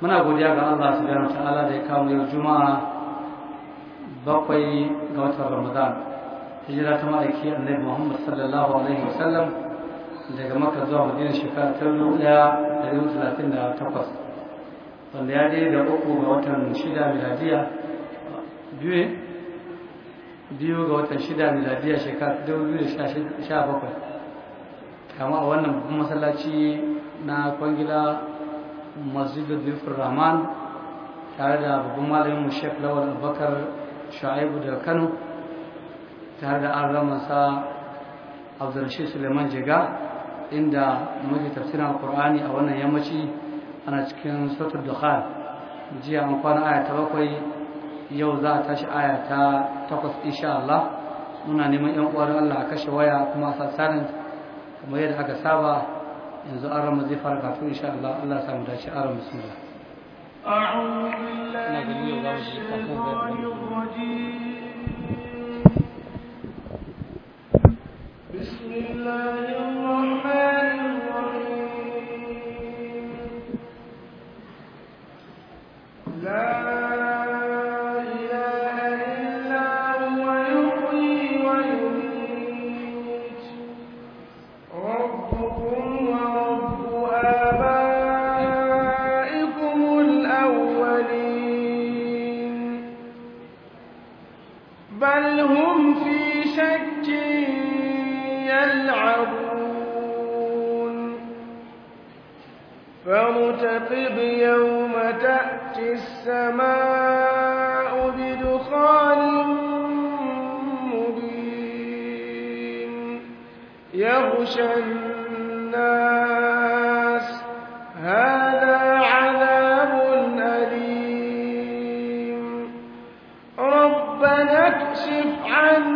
muna godiya ga Allah ta ala da ya kawo yau juma'a bakwai ga watan ramadan hijira ta ma'aiki annabi muhammad sallallahu alaihi wasallam daga maka zuwa madina shekara ta dubu daya da dubu talatin da takwas wanda ya dai da uku ga watan shida miladiya biyu biyu ga watan shida miladiya shekara ta dubu biyu da sha bakwai kama a wannan masallaci na kwangila masjidul zufur rahman tare da babban malamin mu shek lawal abubakar sha'ibu da kano tare da an ramansa abdurrashid suleiman jega inda muke tafsirin alkur'ani a wannan yammaci ana cikin sautar dukhan jiya an kwana aya ta bakwai yau za a tashi aya ta takwas insha Allah muna neman yan uwar Allah a kashe waya kuma a sassanin kamar yadda aka saba yanzu aron mu zai fara kafin insha Allah Allah samu dace aron bismillah أعوذ بالله من الشيطان الرجيم بسم الله يلعبون فارتقب يوم تأتي السماء بدخان مبين يغشى الناس هذا عذاب أليم ربنا اكشف عنا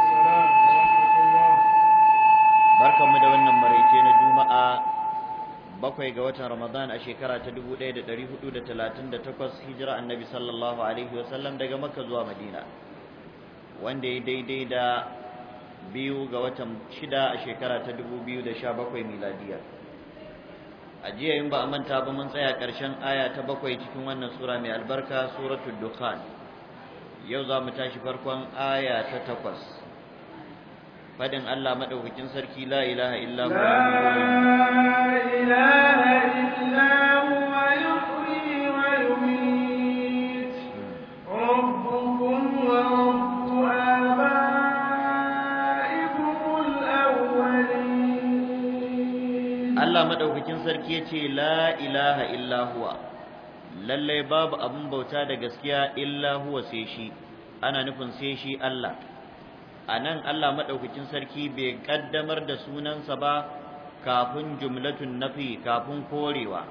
mu da wannan maraice na juma'a bakwai ga watan ramadan a shekara ta 1438 hijira annabi sallallahu alaihi wasallam daga makka zuwa madina wanda ya daidai da biyu ga watan shida a shekara ta 2017 miladiya a jiya yin ba a manta ba mun tsaya ƙarshen aya ta bakwai cikin wannan sura mai albarka suratul dukhan yau za mu tashi farkon aya ta takwas fadin Allah madaukakin sarki la ilaha illa huwa la ilaha illa Allah madaukakin sarki yace la ilaha illa huwa lalle babu abin bauta da gaskiya illa huwa sai shi ana nufin sai shi Allah a nan Allah maɗaukakin sarki bai ƙaddamar da sunansa ba kafin jumlatun nafi kafin korewa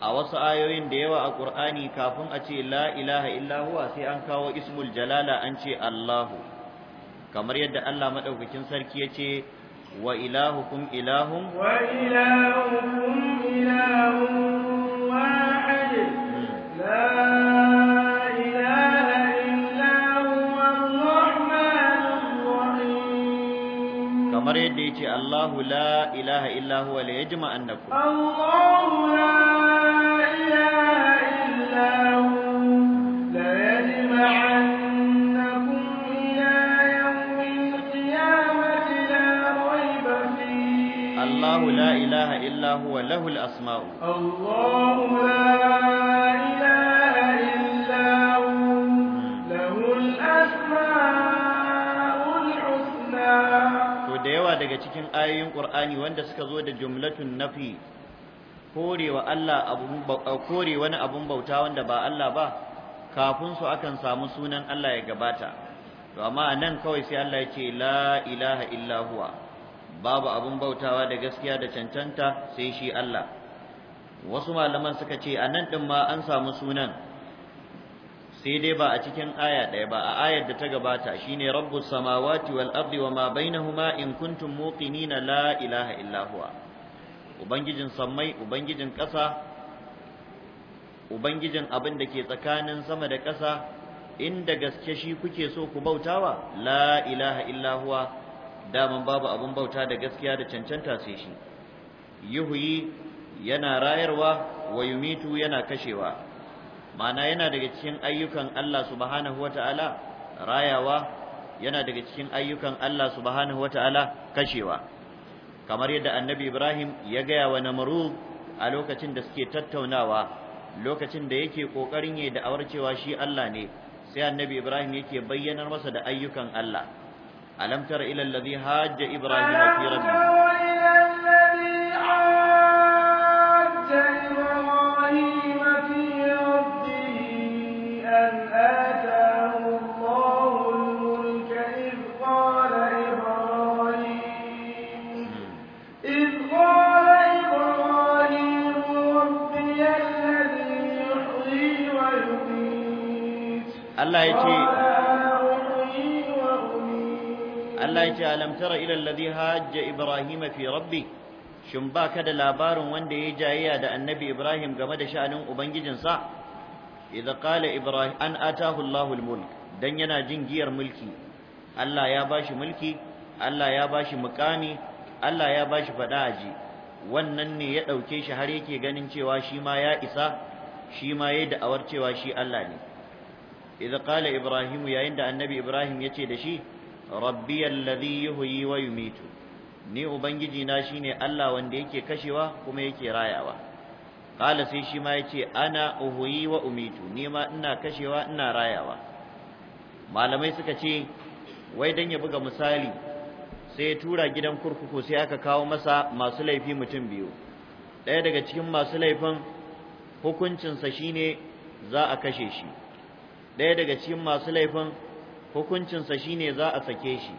a wasu ayoyin da yawa a ƙur'ani kafin a ce la ilaha illahuwa sai an kawo ismul jalala an ce Allahu kamar yadda Allah maɗaukakin sarki ya ce wa ilahukum ilahun wa ilahukum ilahun wahid hmm. la yace Allahu la ilaha illa huwa la yajma annakum Allahu la ilaha illa huwa la yajma annakum ila yawmil qiyamati la rayba fihi Allahu la ilaha illa huwa lahu al asma'u Allahu la cikin ayoyin Qur'ani wanda suka zo da jumlatun nafi kore wani abun bauta wanda ba Allah ba kafin su akan samu sunan Allah ya gabata to amma nan kawai sai Allah ya ce la ilaha illa huwa babu abun bautawa da gaskiya da cancanta sai shi Allah wasu malaman suka ce a nan din ma an samu sunan sai dai ba a cikin aya ɗaya ba a ayar da ta gabata shine rabbu samawati wal ardi ma bainahuma in kuntum muqinina la ilaha illa huwa ubangijin sammai ubangijin ƙasa ubangijin abin da ke tsakanin sama da ƙasa inda gaske shi kuke so ku bautawa la ilaha illa daman babu abin bauta da gaskiya da cancanta sai shi yuhyi yana rayarwa wa yana kashewa ma'ana yana daga cikin ayyukan Allah subhanahu wata'ala rayawa yana daga cikin ayyukan Allah subhanahu wata'ala kashewa kamar yadda annabi Ibrahim ya gaya wa namaru a lokacin da suke tattaunawa lokacin da yake kokarin yayi da'awar cewa shi Allah ne sai annabi Ibrahim yake bayyanar masa da ayyukan Allah alam tara ila hajja ibrahim fi rabbih ya ce alam tara ila alladhi hajja ibrahim fi rabbi shin baka da labarin wanda ya jayayya da annabi ibrahim game da sha'anin ubangijinsa idza qala ibrahim an atahu allahul mulk dan yana jin giyar mulki Allah ya bashi mulki Allah ya bashi mukami Allah ya bashi fada aji wannan ne ya dauke shi har yake ganin cewa shi ma ya isa shi ma yayi da'awar cewa shi Allah ne idza qala ibrahim yayin da annabi ibrahim yace da shi rabbi alladhi yuhyi wa yumitu ni ubangiji na shine Allah wanda yake kashewa kuma yake rayawa kala sai shi ma yace ana uhyi wa umitu ni ma ina kashewa ina rayawa malamai suka ce wai dan ya buga misali sai ya tura gidan kurkuku sai aka kawo masa masu laifi mutum biyu ɗaya daga cikin masu laifin hukuncinsa shine za a kashe shi ɗaya daga cikin masu laifin hukuncinsa shine za a sake shi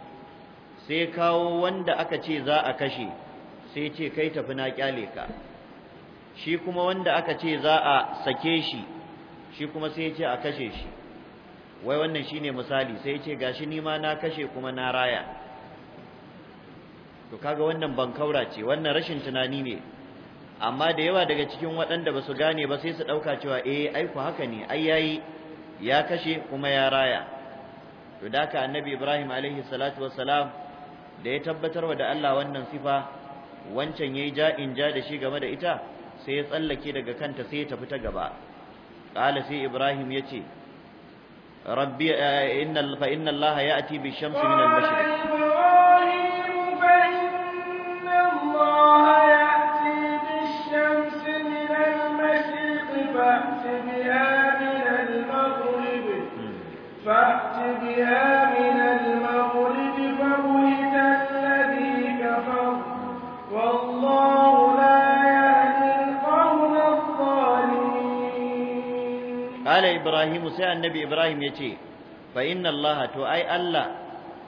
sai kawo wanda aka ce za a kashe sai ce kai tafi na kyale ka shi kuma wanda aka ce za a sake shi shi kuma sai ce a kashe shi wai wannan shine misali sai ce gashi shi ma na kashe kuma na raya to kaga wannan bankaura ce wannan rashin tunani ne amma da yawa daga cikin waɗanda ba su gane ba sai su ɗauka cewa eh ai haka ne ai yayi ya kashe kuma ya raya to da ka annabi Ibrahim alaihi salatu wassalam da ya tabbatarwa da Allah wannan sifa wancan yayi ja in ja da shi game da ita sai ya tsallake daga kanta sai ya tafi ta gaba qala sai Ibrahim yace rabbi eh, inna fa inna ya ya'ti bi shamsi min al-mashriq بها من المغرب فبهت الذي كفر والله لا يهدي القوم الظالمين قال إبراهيم سأل النبي إبراهيم يتي فإن الله تو أي الله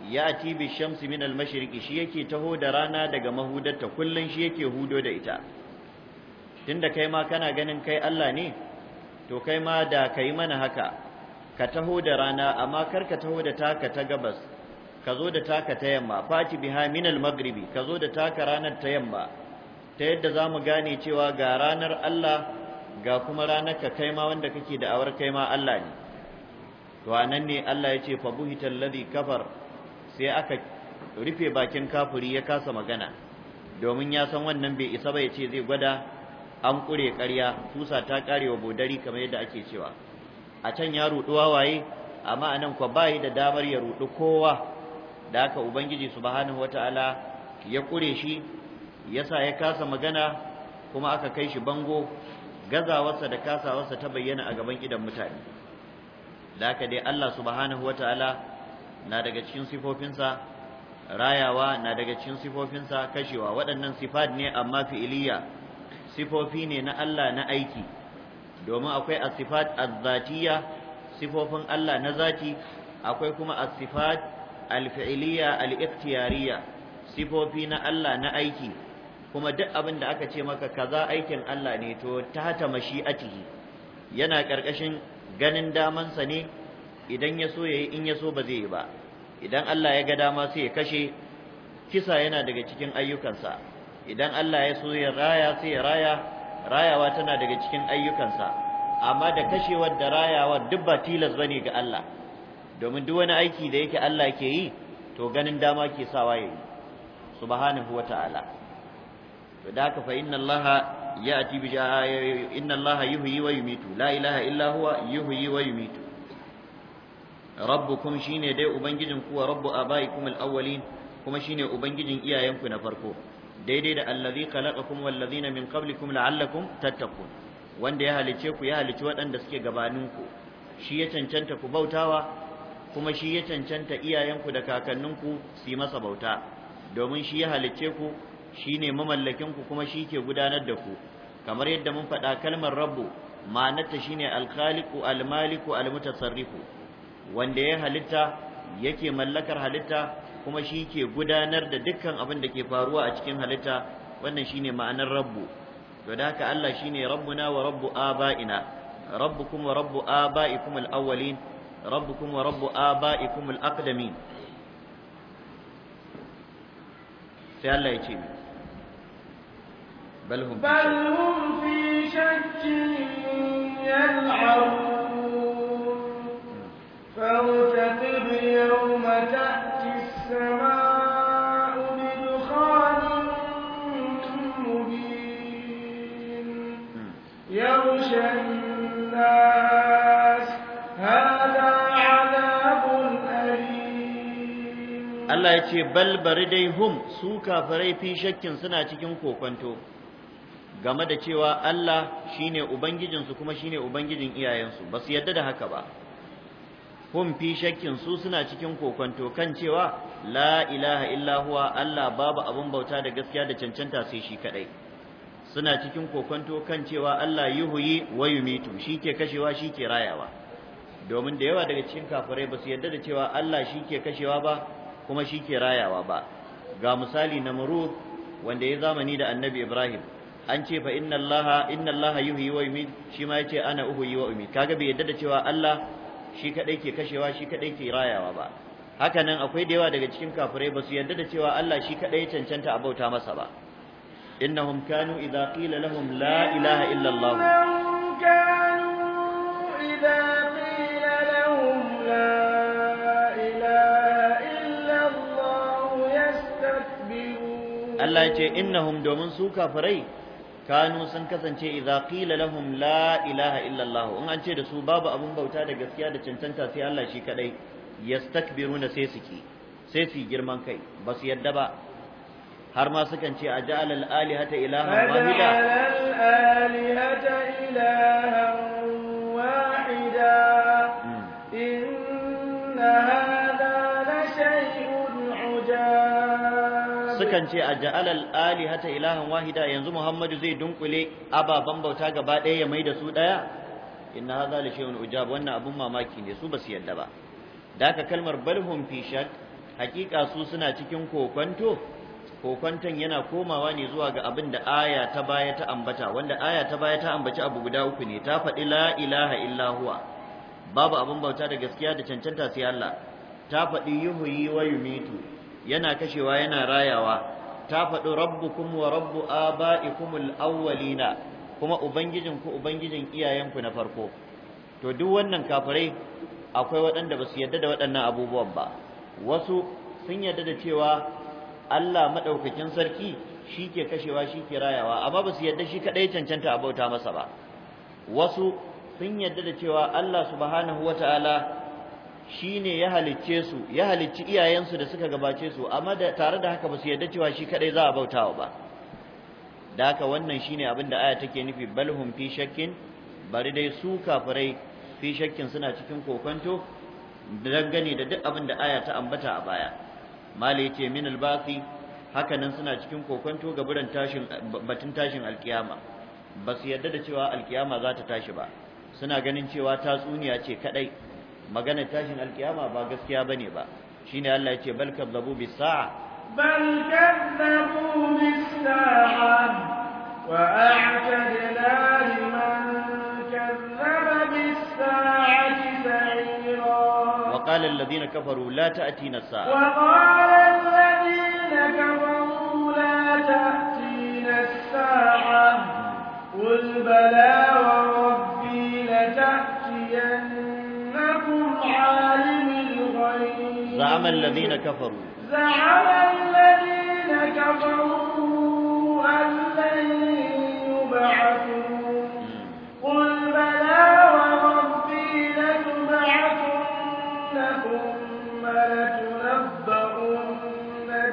ya'ti bi shamsi min al-mashriqi shi yake taho da rana daga mahudarta kullun shi yake hudo da ita tunda kai ma kana ganin kai Allah ne to kai ma da kai mana haka ka taho da rana amma kar ka taho da taka ta gabas ka zo da taka ta yamma fati biha min al-maghribi ka zo da taka ranar ta yamma ta yadda za mu gane cewa ga ranar Allah ga kuma ranar ka kai ma wanda kake da awar kai ma Allah ne to anan ne Allah ya ce fa buhital ladhi kafar sai aka rufe bakin kafiri ya kasa magana domin ya san wannan bai isa ba ya ce zai gwada an kure ƙarya kusa ta karewa bodari kamar yadda ake cewa a can ya rudu wawaye amma anan kwa bai da damar ya rudu kowa da aka ubangiji subhanahu wataala ya ƙure shi yasa ya kasa magana kuma aka kai shi bango gazawarsa da kasawarsa ta bayyana a gaban idan mutane da aka dai Allah subhanahu wataala na daga cikin sifofinsa rayawa na daga cikin sifofinsa kashewa waɗannan sifat ne amma fi'iliya sifofi ne na Allah na aiki domin akwai asifat azzatiya sifofin Allah na zati akwai kuma asifat alfi'liya aliktiyariya sifofi na Allah na aiki kuma duk abin da aka ce maka kaza aikin Allah ne to ta hata mashi'atihi yana karkashin ganin damansa ne idan ya so yayi in ya so ba zai yi ba idan Allah ya ga dama sai ya kashe kisa yana daga cikin ayyukansa idan Allah ya so ya raya sai ya raya rayawa tana daga cikin ayyukansa amma da kashewar da rayawa duk ba tilas bane ga Allah domin duk wani aiki da yake Allah ke yi to ganin dama ke sawa yayi subhanahu wata'ala to da haka fa inna Allah ya'ti bi inna Allah yuhyi wa yumitu la ilaha illa huwa yuhyi wa yumitu rabbukum shine dai ubangijin ku wa rabbu abaikum al-awwalin kuma shine ubangijin iyayenku na farko daidai da allazi khalaqakum ladina min qablikum la'allakum tattaqun wanda ya halice ku ya halici waɗanda suke gabaninku shi ya cancanta ku bautawa kuma shi ya cancanta iyayenku da kakanninku su yi masa bauta domin shi ya halice ku shi ne ku kuma shi ke gudanar da ku kamar yadda mun faɗa kalmar rabbu ma'anarta shine alkhaliqu almaliku almutasarrifu wanda ya halitta yake mallakar halitta kuma shi ke gudanar da dukkan abin da ke faruwa a cikin halitta wannan shine ma'anar rabbu to da haka Allah shine rabbuna wa rabbu abaina rabbukum wa rabbu abaikum al-awwalin rabbukum wa rabbu abaikum al-aqdamin sai Allah ya ce bal hum fi shakkin yal'abun فارتقب يوم تأتي Allah ya ce balbari dai hum su kafirai fi shakkin suna cikin kokwanto game da cewa Allah shine ubangijinsu kuma shine ubangijin iyayensu ba su yadda da haka ba Kun fi shakkin su suna cikin kokonto kan cewa la ilaha illa huwa Allah babu abun bauta da gaskiya da cancanta sai shi kadai suna cikin kokonto kan cewa Allah yuhyi wa yumitu ke kashewa shi ke rayawa domin da yawa daga cikin kafirai ba su yarda da cewa Allah shi ke kashewa ba kuma shi ke rayawa ba ga misali na murud wanda ya zamani da annabi Ibrahim an ce fa inna allaha inna allaha yuhyi wa yumitu shi ma yace ana uhyi wa umi kaga bai yadda da cewa Allah shi kadai ke kashewa shi kadai ke rayawa ba haka nan akwai da yawa daga cikin kafirai ba su yarda da cewa Allah shi kadai cancanta a bauta masa ba innahum kanu idza qila lahum la ilaha illa Allah kanu idza qila lahum la ilaha illa Allah yastakbirun Allah ya ce innahum domin su kafirai kanu sun kasance idza qila lahum la ilaha illa in an ce da su babu abun bauta da gaskiya da cancanta sai Allah shi kaɗai yastakbiruna sai suke sai girman kai ba su yadda ba har ma sukan ce a ja'ala al-alihata sukan ce a ja'alal alihata ilahan wahida yanzu Muhammadu zai dunkule ababen bauta gaba ɗaya ya mai da su ɗaya inna hadha la shay'un ujab wannan abun mamaki ne su basu yadda ba da kalmar balhum fi shak hakika su suna cikin kokonto kokonton yana komawa ne zuwa ga abin da aya ta baya ta ambata wanda aya ta baya ta ambaci abu guda uku ne ta faɗi la ilaha illa huwa babu abin bauta da gaskiya da cancanta sai Allah ta faɗi yuhyi wa yumitu yana kashewa yana rayawa ta faɗi rabbukum wa rabbu aba'ikumul awwalina kuma ubangijin ku ubangijin iyayenku na farko to duk wannan kafirai akwai waɗanda ba su yadda da waɗannan abubuwan ba wasu sun yadda da cewa Allah maɗaukakin sarki shi ke kashewa shi ke rayawa amma ba su yadda shi kaɗai cancanta a bauta masa ba wasu sun yadda da cewa Allah subhanahu wata'ala shi ne ya halicce su ya halicci iyayensu da suka gabace su amma tare da haka ba su yarda cewa shi kadai za a bautawa ba da haka wannan shine abin da aya take nufi balhum fi shakkin bari dai su kafirai fi shakkin suna cikin kokonto dangane da duk abinda aya ta ambata a baya mali yace min albaqi hakanan suna cikin kokonto ga buran tashin batun tashin alkiyama ba su yarda da cewa alkiyama za ta tashi ba suna ganin cewa tatsuniya ce kadai magana tashin alkiyama ba gaskiya bane ba shine Allah ya ce bal kadzabu bis sa'a bal kadzabu bis sa'a wa a'tadna liman kadzaba bis sa'ati sa'ira wa qala alladhina kafaru la ta'tina as-sa'a wa qala alladhina kafaru la ta'tina as-sa'a qul bala wa rabb عالم الغيب زعم الذين كفروا زعم الذين كفروا أن لن يبعثوا قل بلى وربي لتبعثن ثم لتنبؤن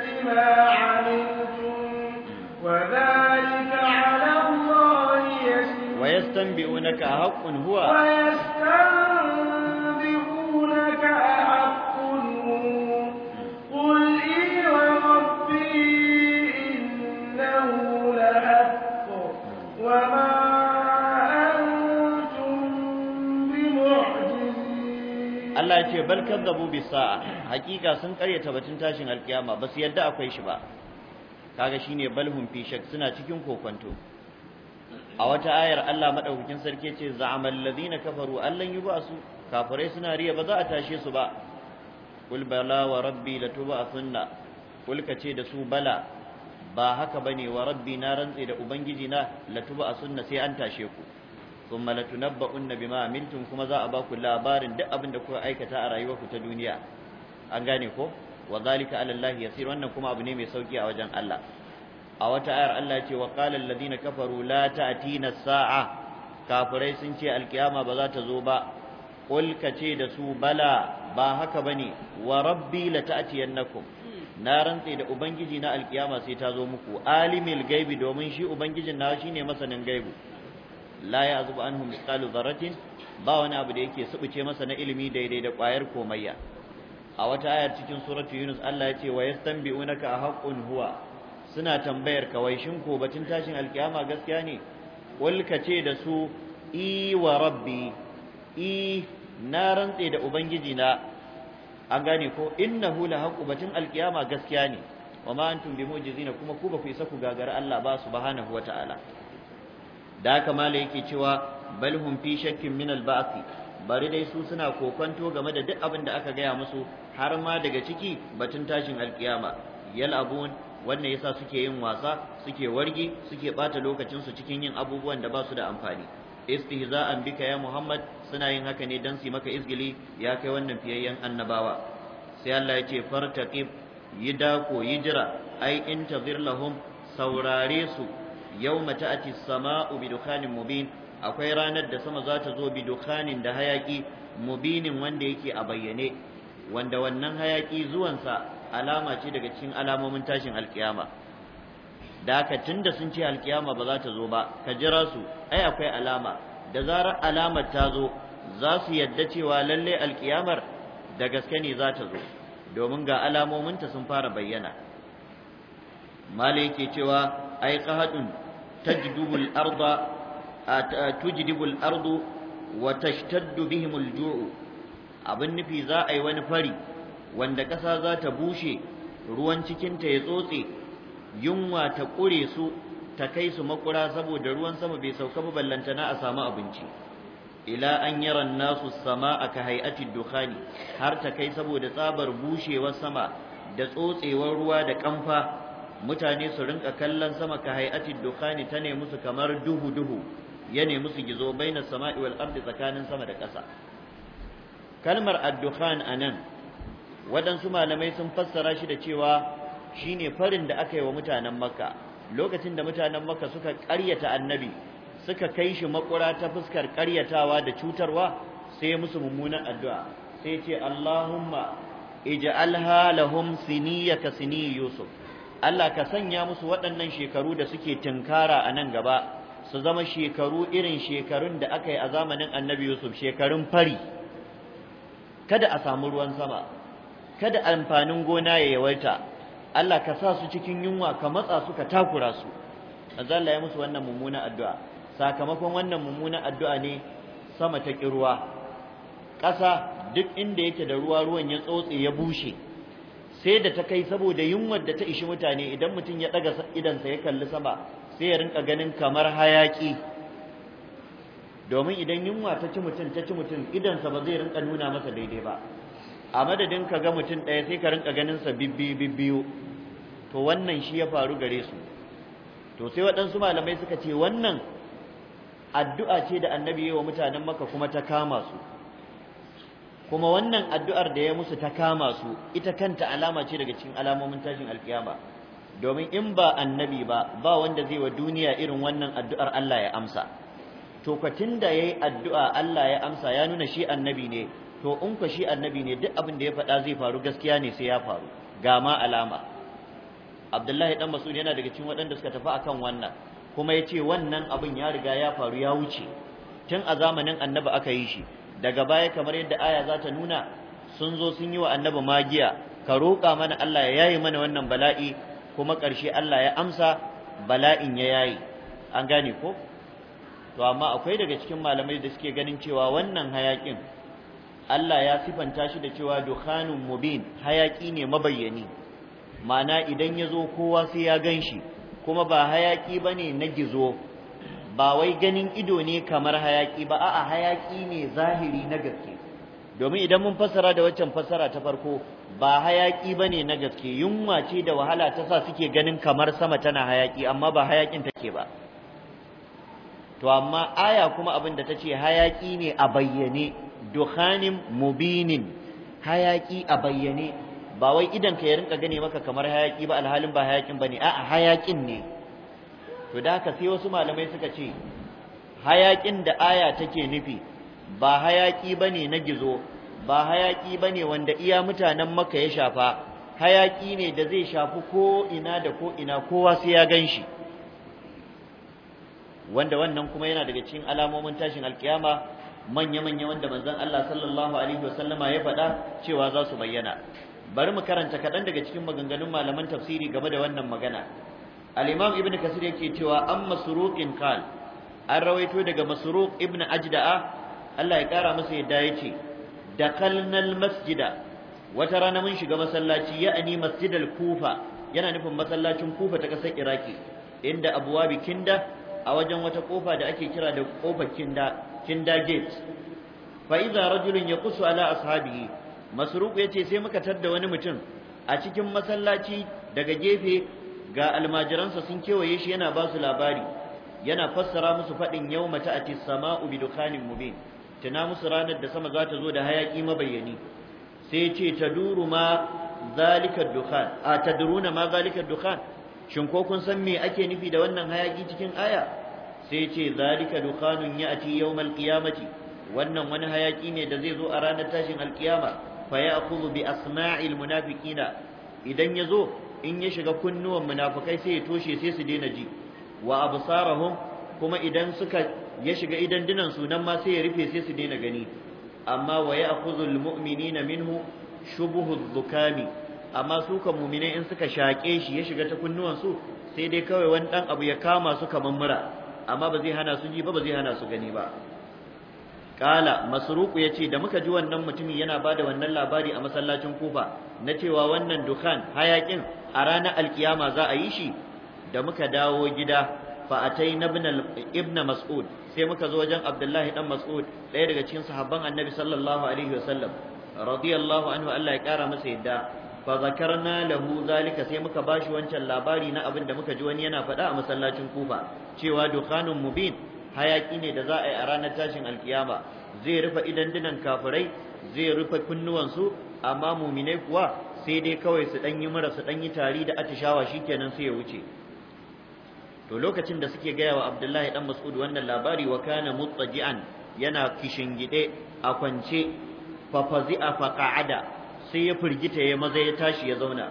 بما عملتم وذلك على الله يسير ويستنبئونك أحق هو ويستنبئونك Allah ya ce bal kazzabu bi sa'a hakika sun karyata batun tashin alkiyama ba su yadda akwai shi ba kaga shine balhum fi shak suna cikin kokonto a wata ayar Allah madaukakin sarki yace za'amal ladina kafaru allan yub'asu kafirai suna riya ba za a tashe su ba qul bala wa rabbi latub'athunna qul kace da su bala ba haka bane wa rabbi na rantsi da ubangiji na sunna sai an tashe ku thumma latunabba'unna bima amiltum kuma za a ba ku labarin duk abin da kuka aikata a rayuwarku ta duniya an gane ko wa zalika ala Allah yasir wannan kuma abu ne mai sauki a wajen Allah a wata ayar Allah ce wa qala alladhina kafaru la ta'tina as-sa'a kafirai sun ce alkiyama ba za ta zo ba qul ka ce da su bala ba haka bane wa rabbi la ta'tiyannakum na rantse da ubangiji na alkiyama sai ta zo muku alimil gaibi domin shi ubangijin na shine masanin gaibu la ya'zubu anhum mithqalu dharratin ba wani abu da yake subuce masa na ilimi daidai da kwayar komayya a wata ayar cikin suratu yunus Allah ya ce wa yastanbi'unaka a haqqun huwa suna tambayar kawai shin ko batun tashin alkiyama gaskiya ne wal ka ce da su i wa rabbi i na rantse da ubangiji na an gane ko innahu la haqu batun alkiyama gaskiya ne wa ma antum bi mu'jizina kuma ku ba ku isa ku gagara Allah ba subhanahu wa ta'ala da haka mala yake cewa bal hum fi shakkin min al bari dai su suna kokonto game da duk abin da aka gaya musu har ma daga ciki batun tashin alkiyama yal abun wannan yasa suke yin wasa suke wargi suke bata lokacin su cikin yin abubuwan da ba su da amfani istihza'an bika ya Muhammad suna yin haka ne dan su maka izgili ya kai wannan fiyayyen annabawa sai Allah ya ce fartaqib yi ko yi jira ai intazir lahum saurare su yawma ta'ati as-sama'u bi dukhanin mubin akwai ranar da sama za ta zo bi dukhanin da hayaki mubinin wanda yake a bayyane wanda wannan hayaki zuwansa alama ce daga cikin alamomin tashin alkiyama da haka tunda sun ce alkiyama ba za ta zo ba ka jira su ai akwai alama da zarar alamar ta zo za su yadda cewa lalle alkiyamar da gaske ne za ta zo domin ga alamominta sun fara bayyana mala cewa ai qahadun tajdubul arda tujdibul ardu wa tashtaddu bihimul ju'u abin nufi za a yi wani fari wanda ƙasa za ta bushe ruwan cikinta ya tsotse yunwa ta ƙure su ta kai su makura saboda ruwan sama bai sauka ba ballantana a samu abinci ila an yara nasu sama a ka hay'atin dukhani har ta kai saboda tsabar bushewar sama da tsotsewar ruwa da kamfa mutane su rinka kallon sama ka hay'atin dukhani ta nemi su kamar duhu duhu ya nemi su gizo baina sama iwal ardi tsakanin sama da ƙasa kalmar ad a nan. waɗansu malamai sun fassara shi da cewa shine farin da aka yi wa mutanen makka lokacin da mutanen makka suka ƙaryata annabi suka kai shi makura ta fuskar karyatawa da cutarwa sai musu mummunan addu'a sai ce Allahumma ij'alha lahum siniyaka sini yusuf Allah ka sanya musu waɗannan shekaru da suke tinkara a nan gaba su zama shekaru irin shekarun da aka yi a zamanin annabi yusuf shekarun fari kada a samu ruwan sama kada amfanin gona ya yawaita Allah ka sa su cikin yunwa ka matsa su ka takura su azza Allah ya musu wannan mummuna addu'a sakamakon wannan mummunan addu'a ne sama ta kirwa ƙasa duk inda yake da ruwa ruwan ya tsotse ya bushe sai da ta kai saboda yunwar da ta ishi mutane idan mutum ya daga sa ya kalli sama sai ya rinka ganin kamar hayaki domin idan yunwa ta ci mutum ta ci mutum sa ba zai rinka nuna masa daidai ba a madadin ka ga mutum ɗaya sai ka rinka ganin sa bibbiyu to wannan shi ya faru gare su to sai waɗansu malamai suka ce wannan addu'a ce da annabi yi wa mutanen maka kuma ta kama su kuma wannan addu'ar da ya musu ta kama su ita kanta alama ce daga cikin alamomin tashin alkiyama domin in ba annabi ba ba wanda zai wa duniya irin wannan addu'ar Allah ya amsa to kwatin da yayi addu'a Allah ya amsa ya nuna shi annabi ne to in ku shi annabi ne duk abin da ya faɗa zai faru gaskiya ne sai ya faru ga ma alama Abdullahi dan Mas'ud yana daga cikin waɗanda suka tafi akan wannan kuma ya ce wannan abin ya riga ya faru ya wuce tun a zamanin annabi aka yi shi daga baya kamar yadda aya za ta nuna sun zo sun yi wa annabi magiya ka roƙa mana Allah ya yayi mana wannan bala'i kuma ƙarshe Allah ya amsa bala'in ya yayi an gane ko to amma akwai daga cikin malamai da suke ganin cewa wannan hayakin Allah ya sifanta shi da cewa dukhanun mubin hayaki ne mabayyani ma'ana idan ya zo kowa sai ya gan shi kuma ba hayaki ba ne na gizo ba wai ganin ido ne kamar hayaki ba a'a hayaki ne zahiri na gaske domin idan mun fassara da waccan fassara ta farko ba hayaki ba ne na gaske yunwa ce da wahala ta sa suke ganin kamar sama tana hayaki amma ba hayakin take ba to amma aya kuma abin da ta ce hayaki ne a bayyane dukhanin mubinin hayaki a bayyane ba wai idan ka ya rinka gane maka kamar hayaki ba alhalin ba hayakin ne. a'a hayakin ne to da haka sai wasu malamai suka ce hayakin da aya take nufi ba hayaki ne na gizo ba hayaki ne wanda iya mutanen maka ya shafa hayaki ne da zai shafi ko ina da ko ina kowa sai ya gan shi wanda wannan kuma yana daga cikin alamomin tashin alkiyama manya-manya wanda manzan Allah sallallahu alaihi wasallama ya faɗa cewa za su bayyana bari mu karanta kaɗan daga cikin maganganun malaman tafsiri game da wannan magana Alimam ibn kasir yake cewa an masruqin kal an rawaito daga masuruk ibn ajda'a Allah ya kara masa yadda Da kalnal masjida wata rana mun shiga masallaci ya'ani masjidal kufa yana nufin masallacin kufa ta ƙasar iraki inda abuwa da a wajen wata kofa da ake kira da kofar kinda kinda gate fa idza rajulun yaqusu ala ashabihi masruq yace sai muka tadda wani mutum a cikin masallaci daga gefe ga almajiransa sun kewaye shi yana ba su labari yana fassara musu faɗin yau ta'ati a sama'u bi dukhanin mubin tana musu ranar da sama za ta zo da hayaki mabayyani sai ce ta ma zalika dukhan a taduruna ma zalika dukhan shin ko kun san me ake nufi da wannan hayaki cikin aya sai ce zalika dukhanun ya'ti yawmal qiyamati wannan wani hayaki ne da zai zo a ranar tashin alkiyama fa ya'khudhu bi asma'il munafiqina idan yazo in ya shiga kunnuwan munafikai sai ya toshe sai su daina ji wa absarahum kuma idan suka ya shiga idan dinan su nan ma sai ya rufe sai su daina gani amma wa ya'khudhu almu'minina minhu shubuhu dhukami amma su ka mu'minai in suka shaƙe shi ya shiga ta kunnuwan su sai dai kawai wani dan abu ya kama su kamar mura amma ba zai hana su ji ba ba zai hana su gani ba kala masruku yace da muka ji wannan mutumin yana bada wannan labari a masallacin kufa na cewa wannan dukan hayakin a ranar alkiyama za a yi shi da muka dawo gida fa ataina ibn mas'ud sai muka zo wajen abdullahi dan mas'ud ɗaya daga cikin sahabban annabi sallallahu alaihi wasallam radiyallahu anhu Allah ya kara masa yadda fa zakarna lahu zalika sai muka bashi wancan labari na abin da muka ji wani yana faɗa a masallacin Kufa cewa dukhanun mubin hayaki ne da za a yi a ranar tashin alkiyama zai rufe idandunan kafirai zai rufe kunnuwansu amma muminai kuwa sai dai kawai su ɗan yi mura su ɗan tari da atishawa shikenan sai ya wuce to lokacin da suke gaya wa Abdullahi dan Mas'ud wannan labari wa kana mutaji'an yana kishingide a kwance fa fazi'a fa qa'ada sai ya firgita ya maza ya tashi ya zauna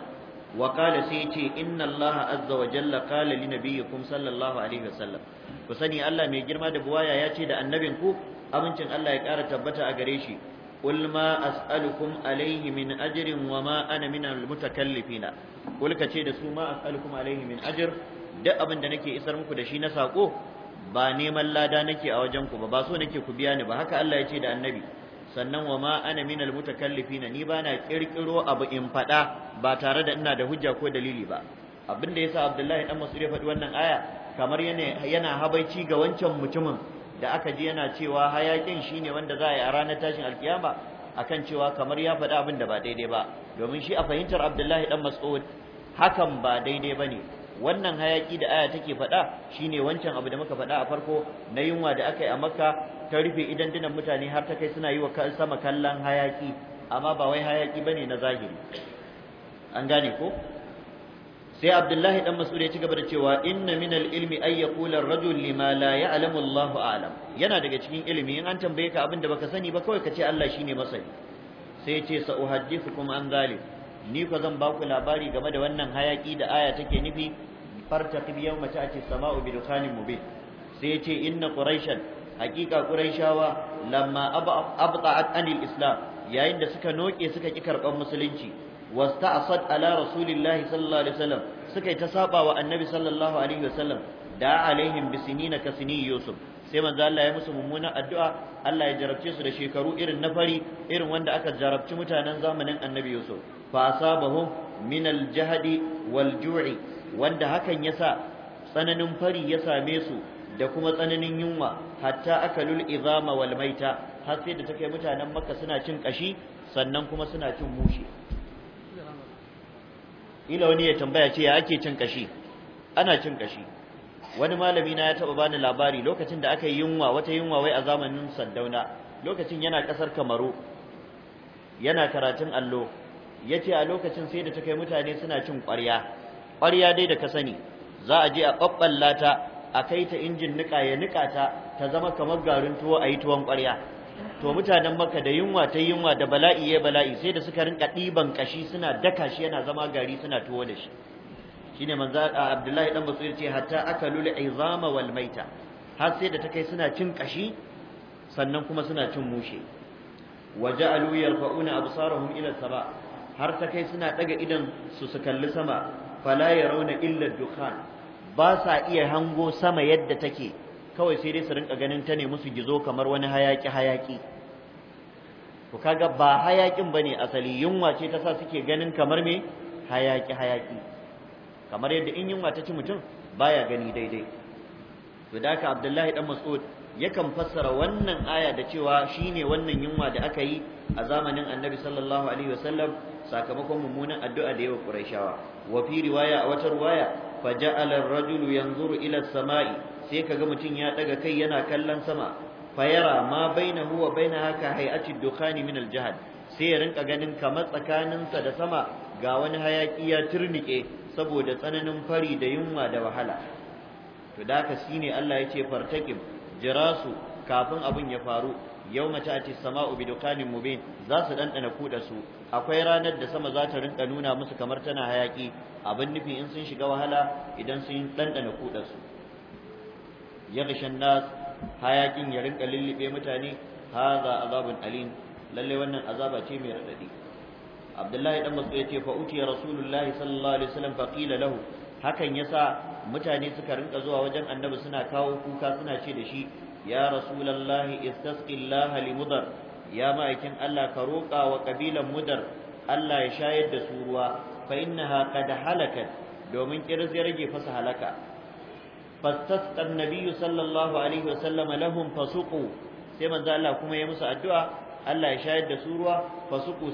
wa kala sai ya ce inna allaha azza wa jalla kala li nabiyyikum sallallahu alaihi wasallam ku sani Allah mai girma da buwaya ya ce da annabin ku amincin Allah ya kara tabbata a gare shi qul ma as'alukum alaihi min ajrin wa ma ana min almutakallifina qul ka ce da su ma as'alukum alaihi min ajr duk abin da nake isar muku da shi na sako ba neman lada nake a wajen ku ba ba so nake ku biya ni ba haka Allah ya ce da annabi sannan wa ma ana minal mutakallifina ni bana kirkiro abu in fada ba tare da ina da hujja ko dalili ba abin da yasa Abdullahi dan masuri ya faɗi wannan aya kamar yana yana habaici ga wancan mutumin da aka ji yana cewa hayakin shine wanda za a yi a ranar tashin alkiyama akan cewa kamar ya faɗi abin da ba daidai ba domin shi a fahimtar Abdullahi dan Mas'ud hakan ba daidai bane wannan hayaki da aya take faɗa shine wancan abu da muka faɗa a farko na yunwa da aka yi a makka ta rufe idan dinan mutane har ta kai suna yi wa sama kallon hayaki amma ba wai hayaki bane na zahiri an gane ko sai abdullahi dan mas'ud ya ci gaba da cewa inna min ilmi ay yaqula ar-rajul lima la ya'lamu Allahu a'lam yana daga cikin ilimi in an tambaye ka abin da baka sani ba kawai ka ce Allah shine masani sai ya ce sa uhaddithukum an zalim ni ko zan ba ku labari game da wannan hayaki da aya take nufi fartaqib yawma ta'ti as-sama'u bi dukhanin mubin sai yace inna quraishan haqiqa quraishawa lamma abta'at anil islam yayin da suka noke suka ki karban musulunci wasta'sad ala rasulillah sallallahu alaihi wasallam suka yi ta saba wa annabi sallallahu alaihi wasallam da alaihim bisinina kasini yusuf sai manzo Allah ya musu mummunan addu'a Allah ya jarabce su da shekaru irin na fari irin wanda aka jarabci mutanen zamanin annabi yusuf fa min aljahdi wal-ju'i wanda hakan yasa tsananin fari ya same su da kuma tsananin yunwa hatta akalul izama wal maita har sai da take mutanen makka suna cin kashi sannan kuma suna cin mushi ila wani ya tambaya ce ya ake cin kashi ana cin kashi wani malami na ya taba bani labari lokacin da aka yi yunwa wata yunwa wai a zamanin sandauna. lokacin yana kasar Kamaru yana karatun allo Ya ce a lokacin sai da ta kai mutane suna cin ƙwarya ƙwarya dai da ka sani za a je a ɓaɓɓalla ta a kai ta injin nika ya nika ta ta zama kamar garin tuwo a yi tuwon ƙwarya to mutanen maka da yunwa ta yunwa da bala'i ya bala'i sai da suka rinka ɗiban kashi suna daka shi yana zama gari suna tuwo da shi shine manzo Abdullahi dan Mas'ud ce hatta akalu al-izama wal maita har sai da ta kai suna cin ƙashi sannan kuma suna cin mushe waja'alu yarfa'una absarahum ila sama har ta kai suna daga idan su su kalli sama fala rauna illa dukhan ba sa iya hango sama yadda take kawai sai dai su rinka ganin ta ne musu gizo kamar wani hayaki hayaki to kaga ba hayakin bane asali yunwa ce ta sa suke ganin kamar me hayaki hayaki kamar yadda in yunwa ta ci mutum baya gani daidai to da haka Abdullahi dan Mas'ud yakan fassara wannan aya da cewa shine wannan yunwa da aka yi a zamanin Annabi sallallahu alaihi wasallam sakamakon mummunan addu'a da yawa quraishawa wa fi riwaya a wata riwaya Faja'alar ar-rajulu yanzuru ila as-sama'i sai kaga mutum ya ɗaga kai yana kallon sama Fayara ma ma bainahu huwa bainaha ka haka ad-dukhani min al-jahad sai ya rinka ganin kamar tsakaninsa da sama ga wani hayaki ya turnike saboda tsananin fari da yunwa da wahala to da haka shine Allah ya ce fartakim jirasu kafin abin ya faru yawma ta'ati sama'u bidukanin mubin za su dandana kuda su akwai ranar da sama za ta rinka nuna musu kamar tana hayaki abin nufi in sun shiga wahala idan sun dandana kuda su yaghshan nas hayakin ya rinka lullube mutane hadha azabun alim lalle wannan azaba ce mai radadi Abdullahi dan masu ya ce fa utiya Rasulullahi sallallahu alaihi wasallam fa qila lahu hakan yasa mutane suka rinka zuwa wajen Annabi suna kawo kuka suna ce da shi ya rasulallahi istasqillaha li mudar ya ma'aikin Allah ka roƙa wa kabilan mudar Allah ya shayar da su ruwa fa innaha qad halakat domin kiris rage fasa halaka fastasqa annabiyyu sallallahu alaihi wasallam lahum fasuqu sai manzo Allah kuma ya musu addu'a Allah ya shayar da su ruwa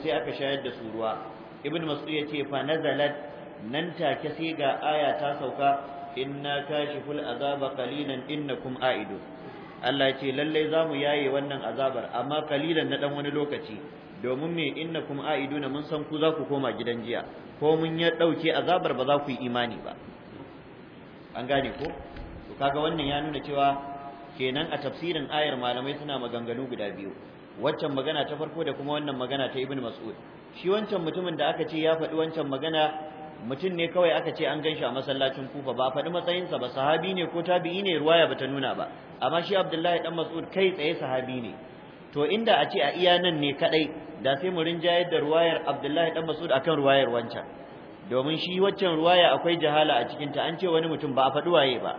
sai aka shayar da su ruwa ibn mas'ud ce fa nazalat nan take sai ga aya ta sauka in na inna kashiful azaba qalilan innakum ido. Allah ce lallai za mu yaye wannan azabar amma kalilan na dan wani lokaci domin me kum aiduna mun san ku za ku koma gidan jiya ko mun ya dauke azabar ba za ku yi imani ba an gane ko to kaga wannan ya nuna cewa kenan a tafsirin ayar malamai suna maganganu guda biyu waccan magana ta farko da kuma wannan magana ta ibnu mas'ud shi wancan mutumin da aka ce ya faɗi wancan magana mutum ne kawai aka ce an ganshi a masallacin kufa ba faɗi matsayinsa ba sahabi ne ko tabi'i ne ruwaya bata nuna ba amma shi abdullahi dan mas'ud kai tsaye sahabi ne to inda a ce a iya nan ne kadai da sai mu rinjayar da ruwayar abdullahi dan mas'ud akan ruwayar wancan domin shi waccan ruwaya akwai jahala a cikin ta an ce wani mutum ba a faɗi waye ba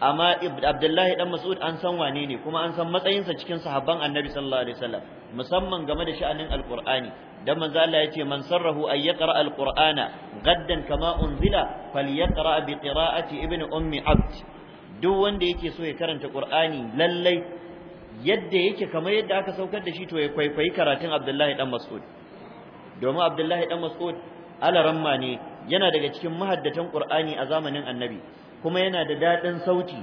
amma abdullahi dan mas'ud an san wane ne kuma an san matsayinsa cikin sahabban annabi sallallahu alaihi wasallam musamman game da sha'anin alqur'ani dan manzo Allah yace man sarrahu ay yaqra alqur'ana gaddan kama unzila falyaqra bi qira'ati ibn ummi abd duk wanda yake so ya karanta Qur'ani lallai yadda yake kamar yadda aka saukar da shi to ya kwaikwayi karatun Abdullahi dan Mas'ud domin Abdullahi dan Mas'ud alaramma ne yana daga cikin mahaddatan Qur'ani a zamanin Annabi kuma yana da dadin sauti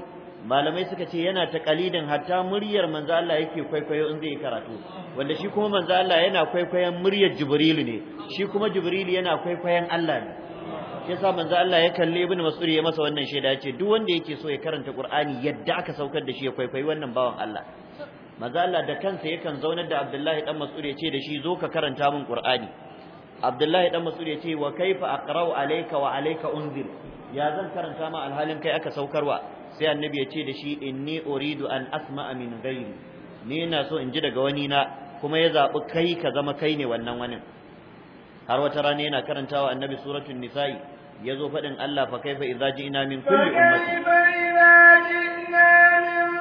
malamai suka ce yana ta kalidin hatta muryar manzo Allah yake kwaikwayo in zai karatu wanda shi kuma manzo Allah yana kwaikwayon muryar Jibrilu ne shi kuma Jibrilu yana kwaikwayon Allah ne shi yasa manzo Allah ya kalle ibn Mas'ud ya masa wannan shaida ce duk wanda yake so ya karanta Qur'ani yadda aka saukar da shi ya kwaikwayi wannan bawan Allah manzo Allah da kansa yakan zauna da Abdullahi dan Mas'ud ya ce da shi zo ka karanta min Qur'ani Abdullahi dan Mas'ud ya ce wa kaifa aqra'u alayka wa alayka unzir ya zan karanta ma alhalin kai aka saukarwa sai annabi ya ce da shi inni uridu an asma'a min ghayri ni ina so in ji daga wani na kuma ya zabi kai ka zama kai ne wannan wani har wata rana yana karantawa annabi suratul nisa'i Ya zo faɗin, Allah fa kaifa idza ji'na min kulli ummatin fa idza ji'na min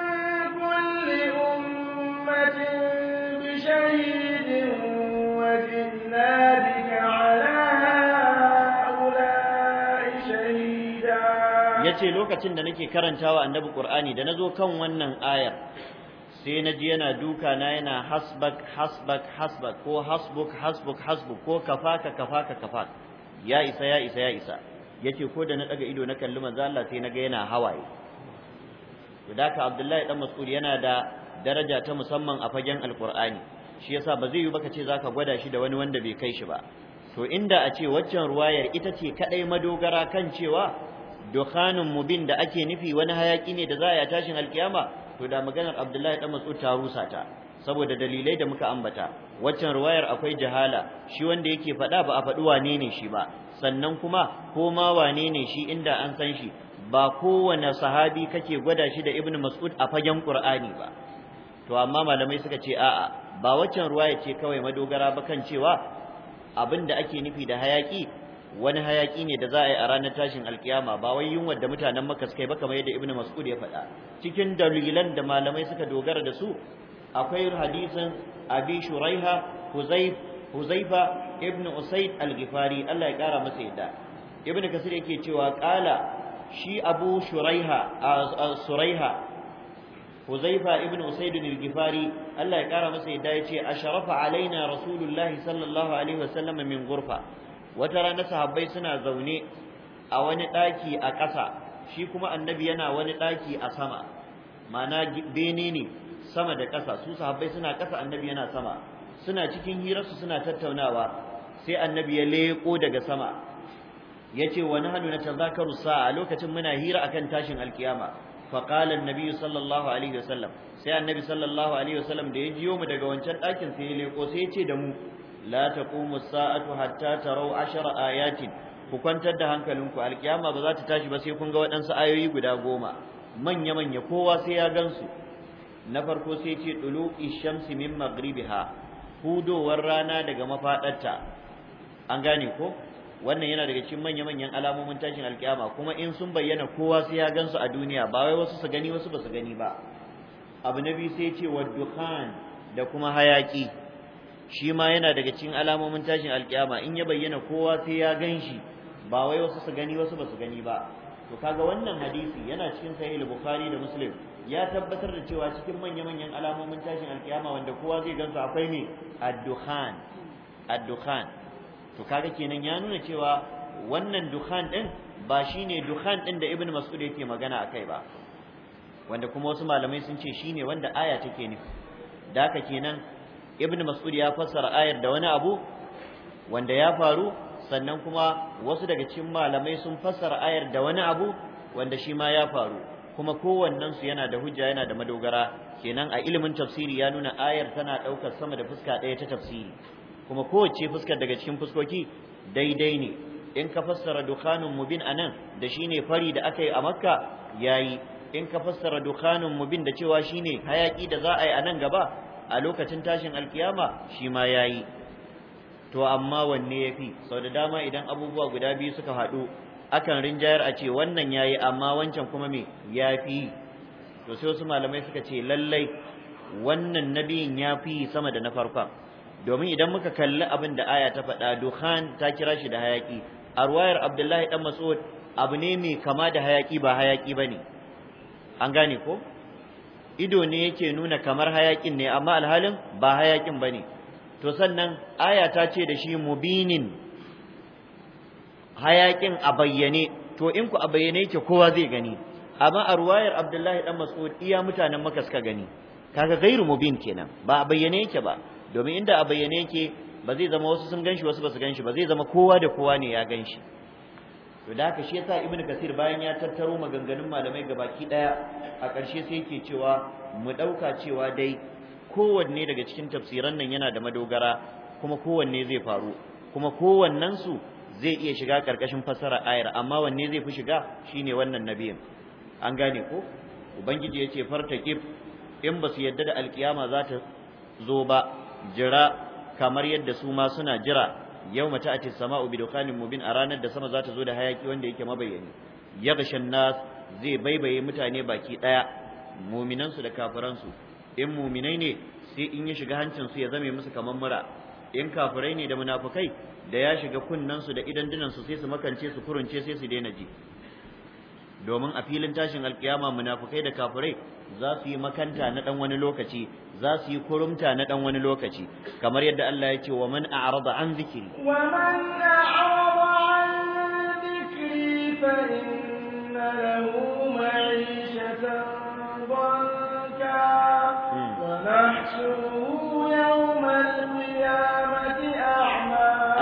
kulli ummatin bi shahidin wa ji'na bika ala yace lokacin da nake karantawa annabi qur'ani da nazo kan wannan ayar sai na ji yana duka na yana hasbak hasbak hasbak ko hasbuk hasbuk hasbuk ko kafaka kafaka kafaka ya isa ya isa ya isa yace ko da na daga ido na kalli manzo Allah sai naga yana hawaye to da Abdullahi dan Mas'ud yana da daraja ta musamman a fagen alqur'ani shi yasa ba zai yi baka ce zaka gwada shi da wani wanda bai kai shi ba to inda a ce waccan ruwayar ita ce kadai madogara kan cewa dukhanun mubin da ake nufi wani hayaki ne da za a tashin alkiyama to da maganar Abdullahi dan Mas'ud ta rusa ta saboda dalilai da muka ambata waccan ruwayar akwai jahala shi wanda yake faɗa ba a faɗi wane ne shi ba sannan kuma ko ma wane ne shi inda an san shi ba kowane sahabi kake gwada shi da ibnu mas'ud a fagen qur'ani ba to amma malamai suka ce a'a ba waccan ruwaya ce kawai madogara ba kan cewa abinda ake nufi da hayaki wani hayaki ne da za a yi a ranar tashin alkiyama ba wai yunwar da mutanen maka suka yi ba kamar yadda ibnu mas'ud ya faɗa cikin dalilan da malamai suka dogara da su akwai hadisin abi shuraiha huzaifa ibn usaid al-ghifari Allah ya kara masa yadda ibn kasir yake cewa qala shi abu shuraiha huzaifa ibn usaid al-ghifari Allah ya kara masa yadda yace asharafa alaina rasulullahi sallallahu alaihi wasallam min gurfa, wata rana sahabbai suna zaune a wani daki a ƙasa shi kuma annabi yana wani ɗaki a sama Mana bene ne sama da ƙasa su sahabbai suna ƙasa annabi yana sama suna cikin hirarsu suna tattaunawa sai annabi ya leƙo daga sama ya ce wa nahnu natazakaru sa'a lokacin muna hira akan tashin alkiyama fa qala annabi sallallahu alaihi wasallam sai annabi sallallahu alaihi wasallam da ya jiyo mu daga wancan ɗakin sai ya leko sai ya ce da mu la taqumu sa'atu hatta rau ashara ayatin ku kwantar da hankalinku alkiyama ba za ta tashi ba sai kun ga waɗansu ayoyi guda goma manya-manya kowa sai ya gansu na farko sai ce duluqi shamsi min ha, hudowar rana daga mafadarta an gane ko wannan yana daga cikin manya-manyan alamomin tashin alkiyama kuma in sun bayyana kowa sai ya gansu a duniya ba wai wasu su gani wasu ba su gani ba abu na biyu sai ce wadduhan da kuma hayaki shi ma yana daga cikin alamomin tashin alkiyama in ya bayyana kowa sai ya gan ba wai wasu su gani wasu ba su gani ba to kaga wannan hadisi yana cikin sahih bukhari da muslim ya tabbatar da cewa cikin manya-manyan alamomin tashin alkiyama wanda kowa zai gansu akwai ne addukhan dukhan dukhan to kaga kenan ya nuna cewa wannan dukhan din ba shine dukhan din da ibnu mas'ud yake magana akai ba wanda kuma wasu malamai sun ce shine wanda aya take nufi da haka kenan ibnu mas'ud ya fassara ayar da wani abu wanda ya faru sannan kuma wasu daga cikin malamai sun fassara ayar da wani abu wanda shi ma ya faru kuma kowannen su yana da hujja yana da madogara kenan a ilimin tafsiri ya nuna ayar tana daukar sama da fuska ɗaya ta tafsiri kuma kowace fuskar daga cikin fuskoki daidai ne in ka fassara dukhanun mubin anan da shine fari da aka yi a makka yayi in ka fassara dukhanun mubin da cewa shine hayaki da za a yi a gaba a lokacin tashin alkiyama shi ma yayi to amma wanne yafi sau da dama idan abubuwa guda biyu suka haɗu akan rinjayar a ce wannan yayi amma wancan kuma me yafi to sai wasu malamai suka ce lallai wannan nabiyin yafi sama da na farkon domin idan muka kalli abin da aya ta faɗa duhan ta kira shi da hayaki arwayar abdullahi dan mas'ud abu ne mai kama da hayaƙi ba hayaƙi ba ne an gane ko ido ne yake nuna kamar hayakin ne amma alhalin ba hayaƙin ba ne to sannan aya ta ce da shi mubinin hayakin a bayyane to in ku a bayyane yake kowa zai gani amma a ruwayar Abdullahi dan Mas'ud iya mutanen maka suka gani kaga gairu mubin kenan ba a bayyane yake ba domin inda a bayyane yake ba zai zama wasu sun ganshi wasu ba su ganshi ba zai zama kowa da kowa ne ya ganshi to da haka shi yasa ibnu kasir bayan ya tattaro maganganun malamai gabaki daya a ƙarshe sai yake cewa mu dauka cewa dai kowanne daga cikin tafsiran nan yana da madogara kuma kowanne zai faru kuma kowannensu zai iya shiga karkashin fassara ayar amma wanne zai fi shiga shine wannan nabiyin an gane ko ubangiji yace fartakib in basu yadda da alkiyama za ta zo ba jira kamar yadda su ma suna jira yawma ta'ati sama'u bi dukhanin mubin a ranar da sama za ta zo da hayaki wanda yake mabayyani yaghshan nas zai baibaye mutane baki daya muminan su da kafiran su in muminai ne sai in ya shiga hancin su ya zame musu kamar mura in kafirai ne da munafukai da ya shiga kunnansu da idan su sai su makance su kurunce sai su daina ji domin a filin tashin alkiyama munafukai da kafirai za su yi makanta na dan wani lokaci za su yi kurumta na dan wani lokaci kamar yadda Allah ya ce wa man a'rada an zikri wa man a'rada an zikri fa inna lahu ma'ishatan hmm. wa yawmal qiyamah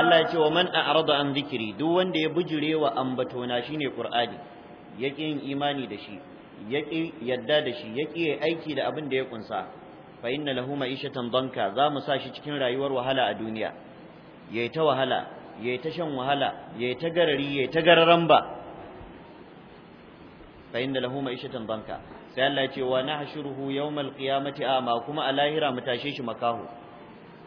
Allah ya ce wa man a'rada an zikiri duk wanda ya bujure wa ambatona shine Qur'ani yaki yin imani da shi yaki yadda da shi yaki aiki da abin da ya kunsa fa inna lahu ma'ishatan danka za mu sa shi cikin rayuwar wahala a duniya yayi ta wahala yayi ta shan wahala yayi ta garari yayi ta gararan ba fa inna lahu ma'ishatan danka sai Allah ya ce wa nahshuruhu yawmal qiyamati ma kuma a lahira mu tashe shi makaho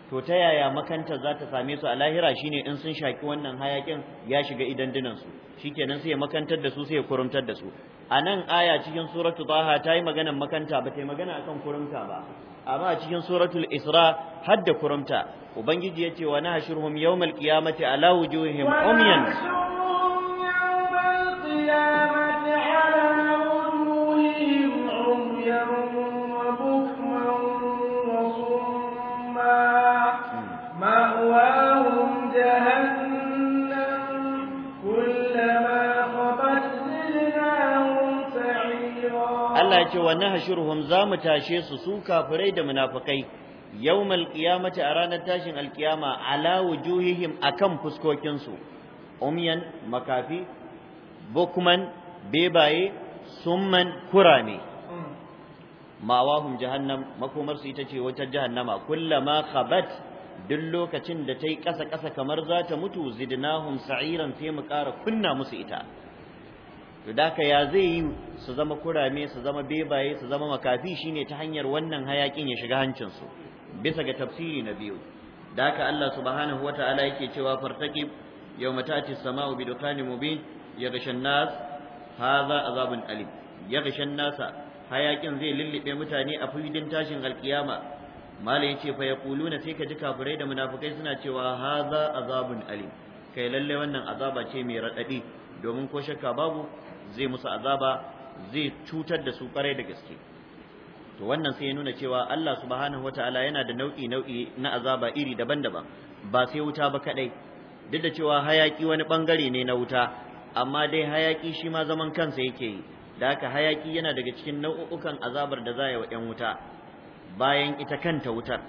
to ta yaya makanta za ta same su a lahira shine in sun shaki wannan hayakin ya shiga idan su shikenan sai ya makantar da su sai ya kurumtar da su a nan aya cikin suratu taha ta yi maganar makanta ba ta yi magana akan kurumta ba amma a cikin suratul isra hadda kurumta ubangiji ya ce wa nahshuruhum yawmal qiyamati ala wujuhihim umyan Allah ce wa nahshuruhum za mu tashe su su kafirai da munafikai yawmal qiyamati a ranar tashin alkiyama ala wujuhihim akan fuskokin su umyan makafi bukman bebaye summan kurame mawahum jahannam makomar su ita ce wata jahannama kullama khabat duk lokacin da ta yi ƙasa ƙasa kamar za ta mutu zidnahum sa'iran sai mu ƙara kunna musu ita to daka ya zai yi su zama kurame su zama bebaye su zama makafi shine ta hanyar wannan hayakin ya shiga hancin su bisa ga tafsiri na biyu daka Allah subhanahu wataala yake cewa fartaki yawma ta'ti samau bi dukani mubin ya gashan nas hadha azabun alim Ya gashan nasa hayakin zai lullube mutane a fidin tashin alkiyama malai yace fa yaquluna sai ka ji kafirai da munafikai suna cewa hadha azabun alim kai lalle wannan azaba ce mai radadi domin ko shakka babu zai musu azaba zai cutar da su kwarai da gaske to wannan sai ya nuna cewa Allah subhanahu wataala yana da nau'i nau'i na azaba iri daban-daban ba sai wuta ba kadai duk da cewa hayaki wani bangare ne na wuta amma dai hayaki shi ma zaman kansa yake yi da haka hayaki yana daga cikin nau'ukan azabar da za wa 'yan wuta bayan ita kanta wutar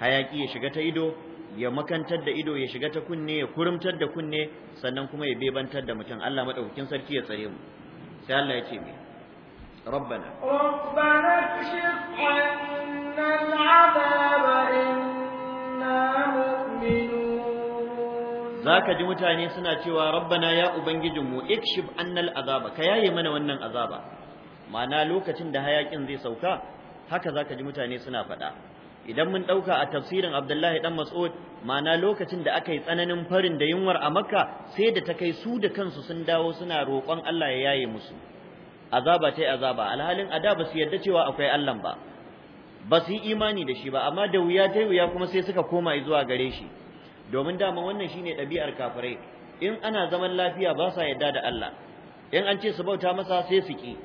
hayaki ya shiga ta ido ya makantar da ido ya shiga ta kunne ya kurumtar da kunne sannan kuma ya bebantar da mutum Allah madaukakin sarki ya tsare mu sai Allah ya ce mai ربنا ربنا ji mutane suna cewa rabbana ya mu ikshif annal azaba ka yaye mana wannan azaba ma'ana lokacin da hayakin zai sauka haka zaka ji mutane suna faɗa idan mun ɗauka a tafsirin abdullahi dan mas'ud ma'ana lokacin da aka yi tsananin farin da yunwar a makka sai da ta kai su da kansu sun dawo suna roƙon allah ya yaye musu azaba tai azaba alhalin a da ba su yarda cewa akwai allah ba ba su yi imani da shi ba amma da wuya ta wuya kuma sai suka koma zuwa gare shi domin dama wannan shine ɗabi'ar kafirai in ana zaman lafiya ba sa yarda da allah in an ce su bauta masa sai su ki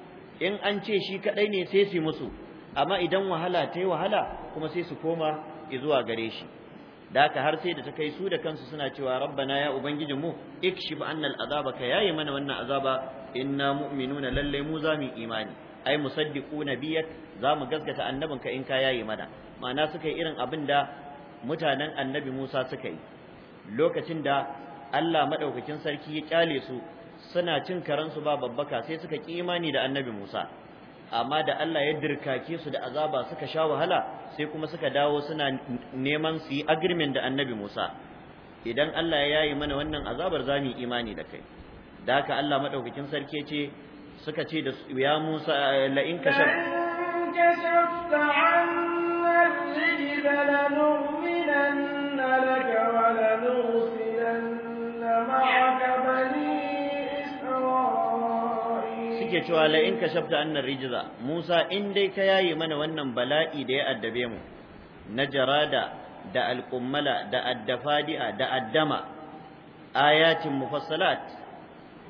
in an ce shi kaɗai ne sai su musu amma idan wahala ta yi wahala kuma sai su koma zuwa gare shi da haka har sai da ta kai su da kansu suna cewa rabbana ya ubangijinmu ikshif annal azaba ka yayi mana wannan azaba inna mu'minuna lalle mu za zamu imani ai nabiyyak za mu gaskata annabinka in ka yayi mana ma'ana suka yi irin abin da mutanen annabi Musa suka yi lokacin da Allah madaukakin sarki ya kyale su suna cin karansu ba babbaka sai suka ki imani da annabi Musa amma da Allah ya dirkake su da azaba suka sha wahala sai kuma suka dawo suna neman su yi agreement da annabi Musa idan Allah ya yayi mana wannan azabar za mu imani da kai da haka Allah madaukakin sarki ce suka ce da ya Musa la in kashaf yake cewa la in kashafta annar rijza Musa in dai ka yayi mana wannan bala'i da ya addabe mu na jarada da alqummala da addafadi'a da addama ayatin mufassalat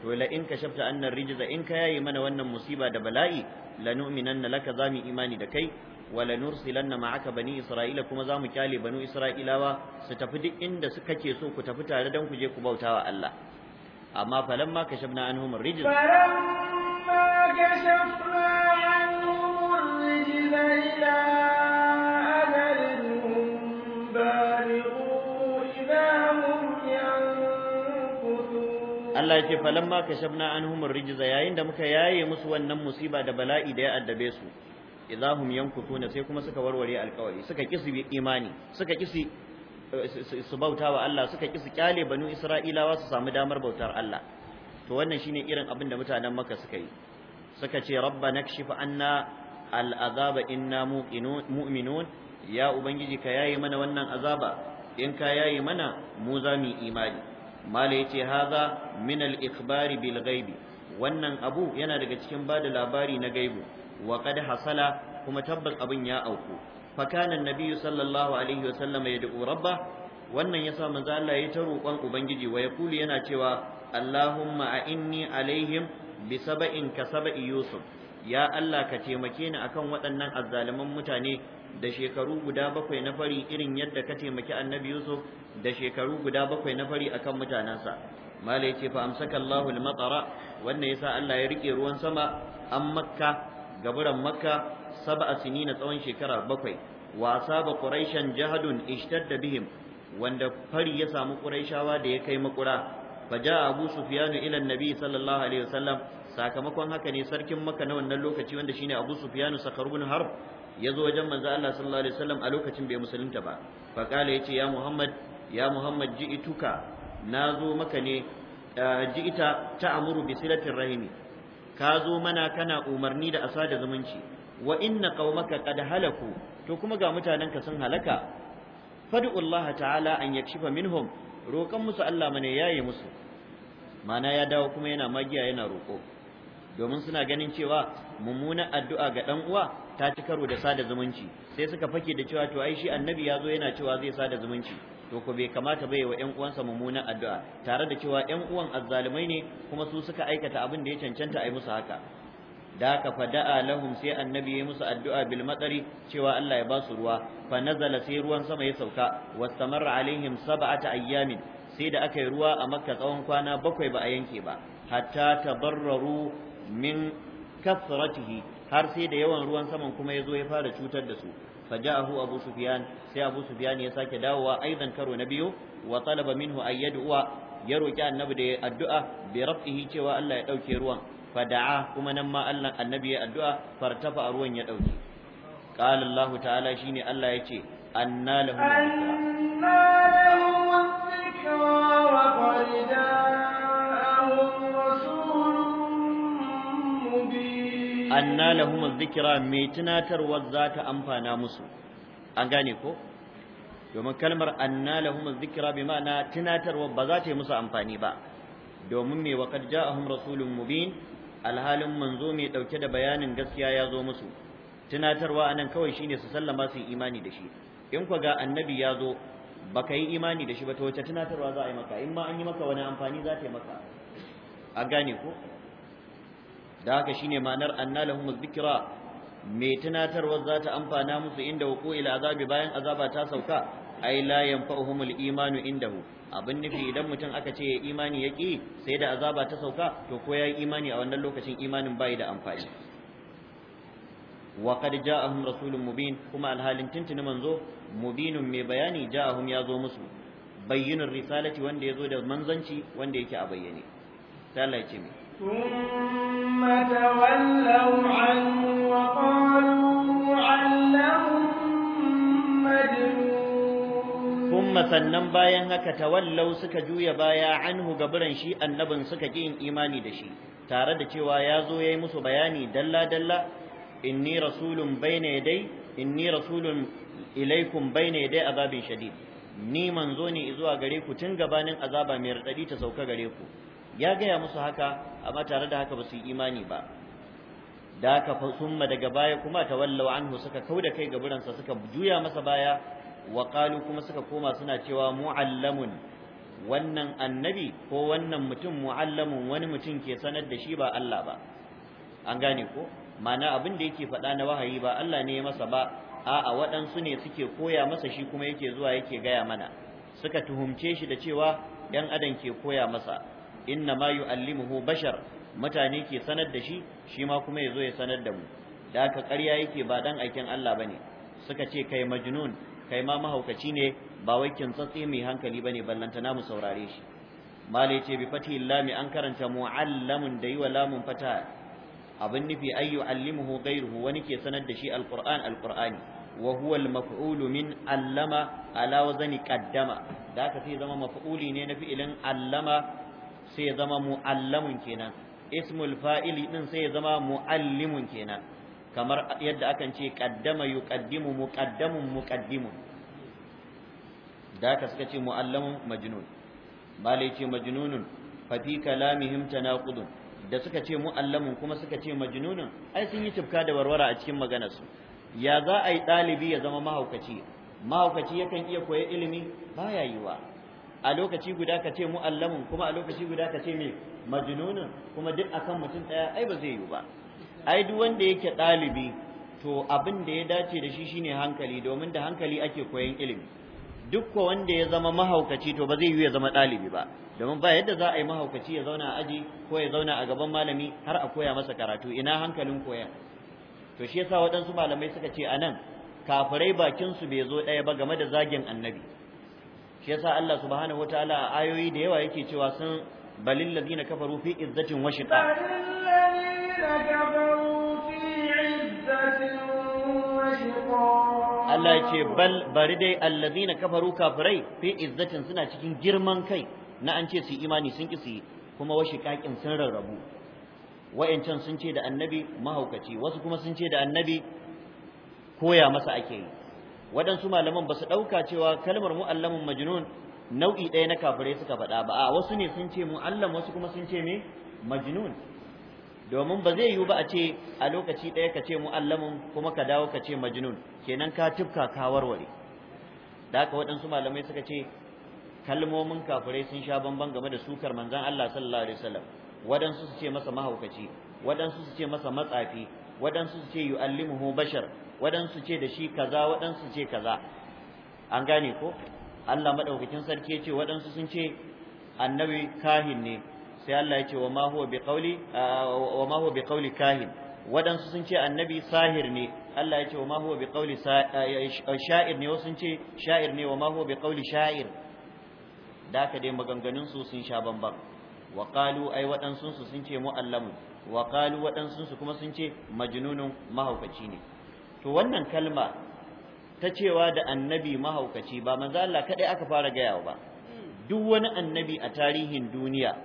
to la in kashafta annar rijza in ka yayi mana wannan musiba da bala'i lanu'minanna laka zamu imani da kai wala nursilanna ma'aka bani isra'ila kuma zamu kyale banu isra'ilawa su tafi duk inda suka ke so ku tafi tare dan ku je ku bautawa Allah amma falamma kashafna anhum ar-rijz falamma kashafna anhum ar-rijz ila ajalin balighu idahum yanqudun Allah yake falamma kashafna anhum ar-rijz yayin da muka yaye musu wannan musiba da bala'i da ya addabe su idahum yankutuna sai kuma suka warware alƙawari suka kisi imani suka kisi su bauta wa Allah suka ki su kyale banu Isra'ilawa su samu damar bautar Allah to wannan shine irin abin da mutanen Makka suka yi suka ce rabba kshif anna al'azaba inna mu'minun ya ubangiji ka yayi mana wannan azaba in ka yayi mana mu za mu imani mala yace haza min al-ikhbari bil ghaibi wannan abu yana daga cikin bada labari na gaibu wa qad hasala kuma tabbas abin ya auku فكان النبي صلى الله عليه وسلم يدعو ربه wannan yasa manzo Allah ya ta roƙon ubangiji wa yaqulu yana cewa Allahumma a inni alaihim bi sab'in ka sab'i yusuf ya Allah ka taimake ni akan waɗannan azzaliman mutane da shekaru guda bakwai na fari irin yadda ka taimaki annabi yusuf da shekaru guda bakwai na fari akan mutanansa malai ce fa amsaka Allahul matara wannan yasa Allah ya rike ruwan sama an makka gaburan makka sab'a sinina tsawon shekara bakwai wa asaba quraishan jahadun ishtadda bihim wanda fari ya samu quraishawa da ya kai makura faja abu sufyan ila annabi sallallahu alaihi wasallam sakamakon haka ne sarkin maka na wannan lokaci wanda shine abu sufyan sakar har ya zo wajen manzo Allah sallallahu alaihi wasallam a lokacin bai musulunta ba fa kala yace ya muhammad ya muhammad ji ituka na zo maka ne ji ita ji'ita ta'muru bi silatir rahimi ka zo mana kana umarni da asa da zumunci wa inna qaumaka qad halaku to kuma ga ka sun halaka fad'u Allah ta'ala an yakshifa minhum roƙan musu Allah mane yayi musu mana ya dawo kuma yana magiya yana roƙo domin suna ganin cewa mummunan addu'a ga dan uwa ta ci karo da sada zumunci sai suka fake da cewa to ai shi annabi ya zo yana cewa zai sada zumunci to ko bai kamata bai wa ƴan uwansa mummunan addu'a tare da cewa ƴan uwan azzalumai ne kuma su suka aikata abin da ya cancanta ai musu haka da ka fada'a lahum sai annabi ya musu addu'a bil matsari cewa Allah ya ba su ruwa fa nazala sai ruwan sama ya sauka wastamarra alaihim sab'ata ayyamin sai da aka yi ruwa a makka tsawon kwana bakwai ba a yanke ba hatta tabarraru min kasratihi har sai da yawan ruwan saman kuma ya zo ya fara cutar da su sai فجاءه أبو سفيان سي أبو سفيان يساك داوى أيضا كرو نبيه وطلب منه أن يدعو yi addu'a bai الدعاء cewa allah ya ɗauke ruwan. fada'a kuma nan ma Allah annabi ya addu'a fartafa ruwan ya dauke qala Allah ta'ala shine Allah yace anna lahu anna lahu dhikra wa qad anna lahum dhikra mai tunatarwar za ta amfana musu an gane ko domin kalmar anna lahum dhikra bi ma'ana tunatarwar ba za ta yi musu amfani ba domin me waqad ja'ahum rasulun mubin alhalin manzo mai dauke da bayanin gaskiya ya zo musu tunatarwa anan kawai shine su sallama su imani da shi in ku ga annabi ya zo baka yi imani da shi ba ta wace tunatarwa za a yi maka in ma an yi maka wani amfani za ta yi maka a gane ko da haka shine ma'anar anna lahum dhikra mai tunatarwa za ta amfana musu inda wuku ila azabi bayan azaba ta sauka ai la yanfa'uhumul imanu indahu abin nufi idan mutum aka ce imani ya yaki sai da azaba ta sauka to ko ya yi imani a wannan lokacin imanin bai da amfani wa qad ja'ahum rasulun mubin kuma alhalin tintini manzo mubinun mai bayani ja'ahum ya zo musu bayyinun risalati wanda ya zo da manzanci wanda yake a bayyane sai Allah ya ce mai ثم Kuma sannan bayan haka tawallau suka juya baya anhu gaburan shi annabin suka ƙi yin imani da shi tare da cewa ya zo ya yi musu bayani dalla dalla inni rasulun bayna yadai inni rasulun ilaikum bayna yadai azabin shadid ni manzo ne zuwa gare ku tun gabanin azaba mai radadi ta sauka gare ku ya gaya musu haka amma tare da haka ba su yi imani ba da aka summa daga baya kuma tawallau anhu suka kauda kai gaburansa suka juya masa baya wa qalu kuma suka koma suna cewa muallamun wannan annabi ko wannan mutum muallamun wani mutum ke sanar da shi ba Allah ba an gane ko Mana abin da yake faɗa na wahayi ba Allah ne ya masa ba a'a waɗansu ne suke koya masa shi kuma yake zuwa yake gaya mana suka tuhumce shi da cewa ɗan adam ke koya masa inna ma yu'allimuhu bashar mutane ke sanar da shi shi ma kuma ya zo ya sanar da mu da aka ƙarya yake ba dan aikin Allah bane suka ce kai majnun kai ma mahaukaci ne ba wai kintsatsi mai hankali bane ballanta namu saurare shi mala yace bi fathi lami an karanta muallamun da yiwa lamun fata abin nufi ayyu allimuhu ghayruhu wani ke sanar da shi alquran alqurani وهو المفعول allama علم على وزن قدم ذاك في zama مفعول ne na fi'ilin allama sai ya zama muallamun kenan ismul fa'ili din sai ya zama muallimun kenan kamar yadda akan ce qaddama yuqaddimu muqaddamun muqaddimun da ka suka ce muallamun majnun bale ce majnunun fa fi kalamihim tanaqudun da suka ce muallamun kuma suka ce majnunun ai sun yi tufka da warwara a cikin maganar su ya za a yi ɗalibi ya zama mahaukaci mahaukaci yakan iya koya ilimi baya yiwa a lokaci guda ka ce muallamun kuma a lokaci guda ka ce me majnunun kuma duk akan mutum ɗaya ai ba zai yiwu ba ai duk wanda yake ɗalibi to abin da ya dace da shi shine hankali domin da hankali ake koyan ilimi duk wanda ya zama mahaukaci to ba zai yi ya zama ɗalibi ba domin ba yadda za a yi mahaukaci ya zauna a aji ko ya zauna a gaban malami har a koya masa karatu ina hankalin koya. to shi yasa waɗansu malamai suka ce anan kafirai bakin su bai zo ɗaya ba game da zagin annabi shi yasa Allah subhanahu wataala a ayoyi da yawa yake cewa sun بل الذين كفروا في عزة وشقاق بل الذين كفروا في عزة وشقاق Allah ya ce bal bari dai allazina kafaru kafirai fi izzatin suna cikin girman kai na an ce su imani sun ki su kuma washi kakin sun rarrabu wayancan sun ce da annabi mahaukaci wasu kuma sun ce da annabi koya masa ake yi waɗansu malaman ba su ɗauka cewa kalmar mu'allamin majnun nau'i ɗaya na kafirai suka faɗa ba a wasu ne sun ce mu Allah wasu kuma sun ce me majnun domin ba zai yiwu ba a ce a lokaci ɗaya ka ce mu mu'allamun kuma ka dawo ka ce majnun kenan ka tufka ka warware da haka waɗansu malamai suka ce kalmomin kafirai sun sha bamban game da sukar manzon Allah sallallahu alaihi wasallam waɗansu su ce masa mahaukaci waɗansu su ce masa matsafi waɗansu su ce yu'allimuhu bashar waɗansu ce da shi kaza waɗansu ce kaza an gane ko Allah madaukakin sarki yace waɗansu sun ce annabi kahin ne sai Allah yace wa ma huwa biqauli wa ma huwa biqauli kahin waɗansu sun ce annabi sahir ne Allah yace wa ma huwa biqauli sha'ir ne wasu sun ce sha'ir ne wa ma huwa biqauli sha'ir da haka dai maganganun su sun sha bambam wa qalu ai waɗansu su sun ce muallamu wa qalu waɗansu su kuma sun ce majnunun mahaukaci ne to wannan kalma ta cewa da annabi mahaukaci ba manzo Allah kadai aka fara gaya ba duk wani annabi a tarihin duniya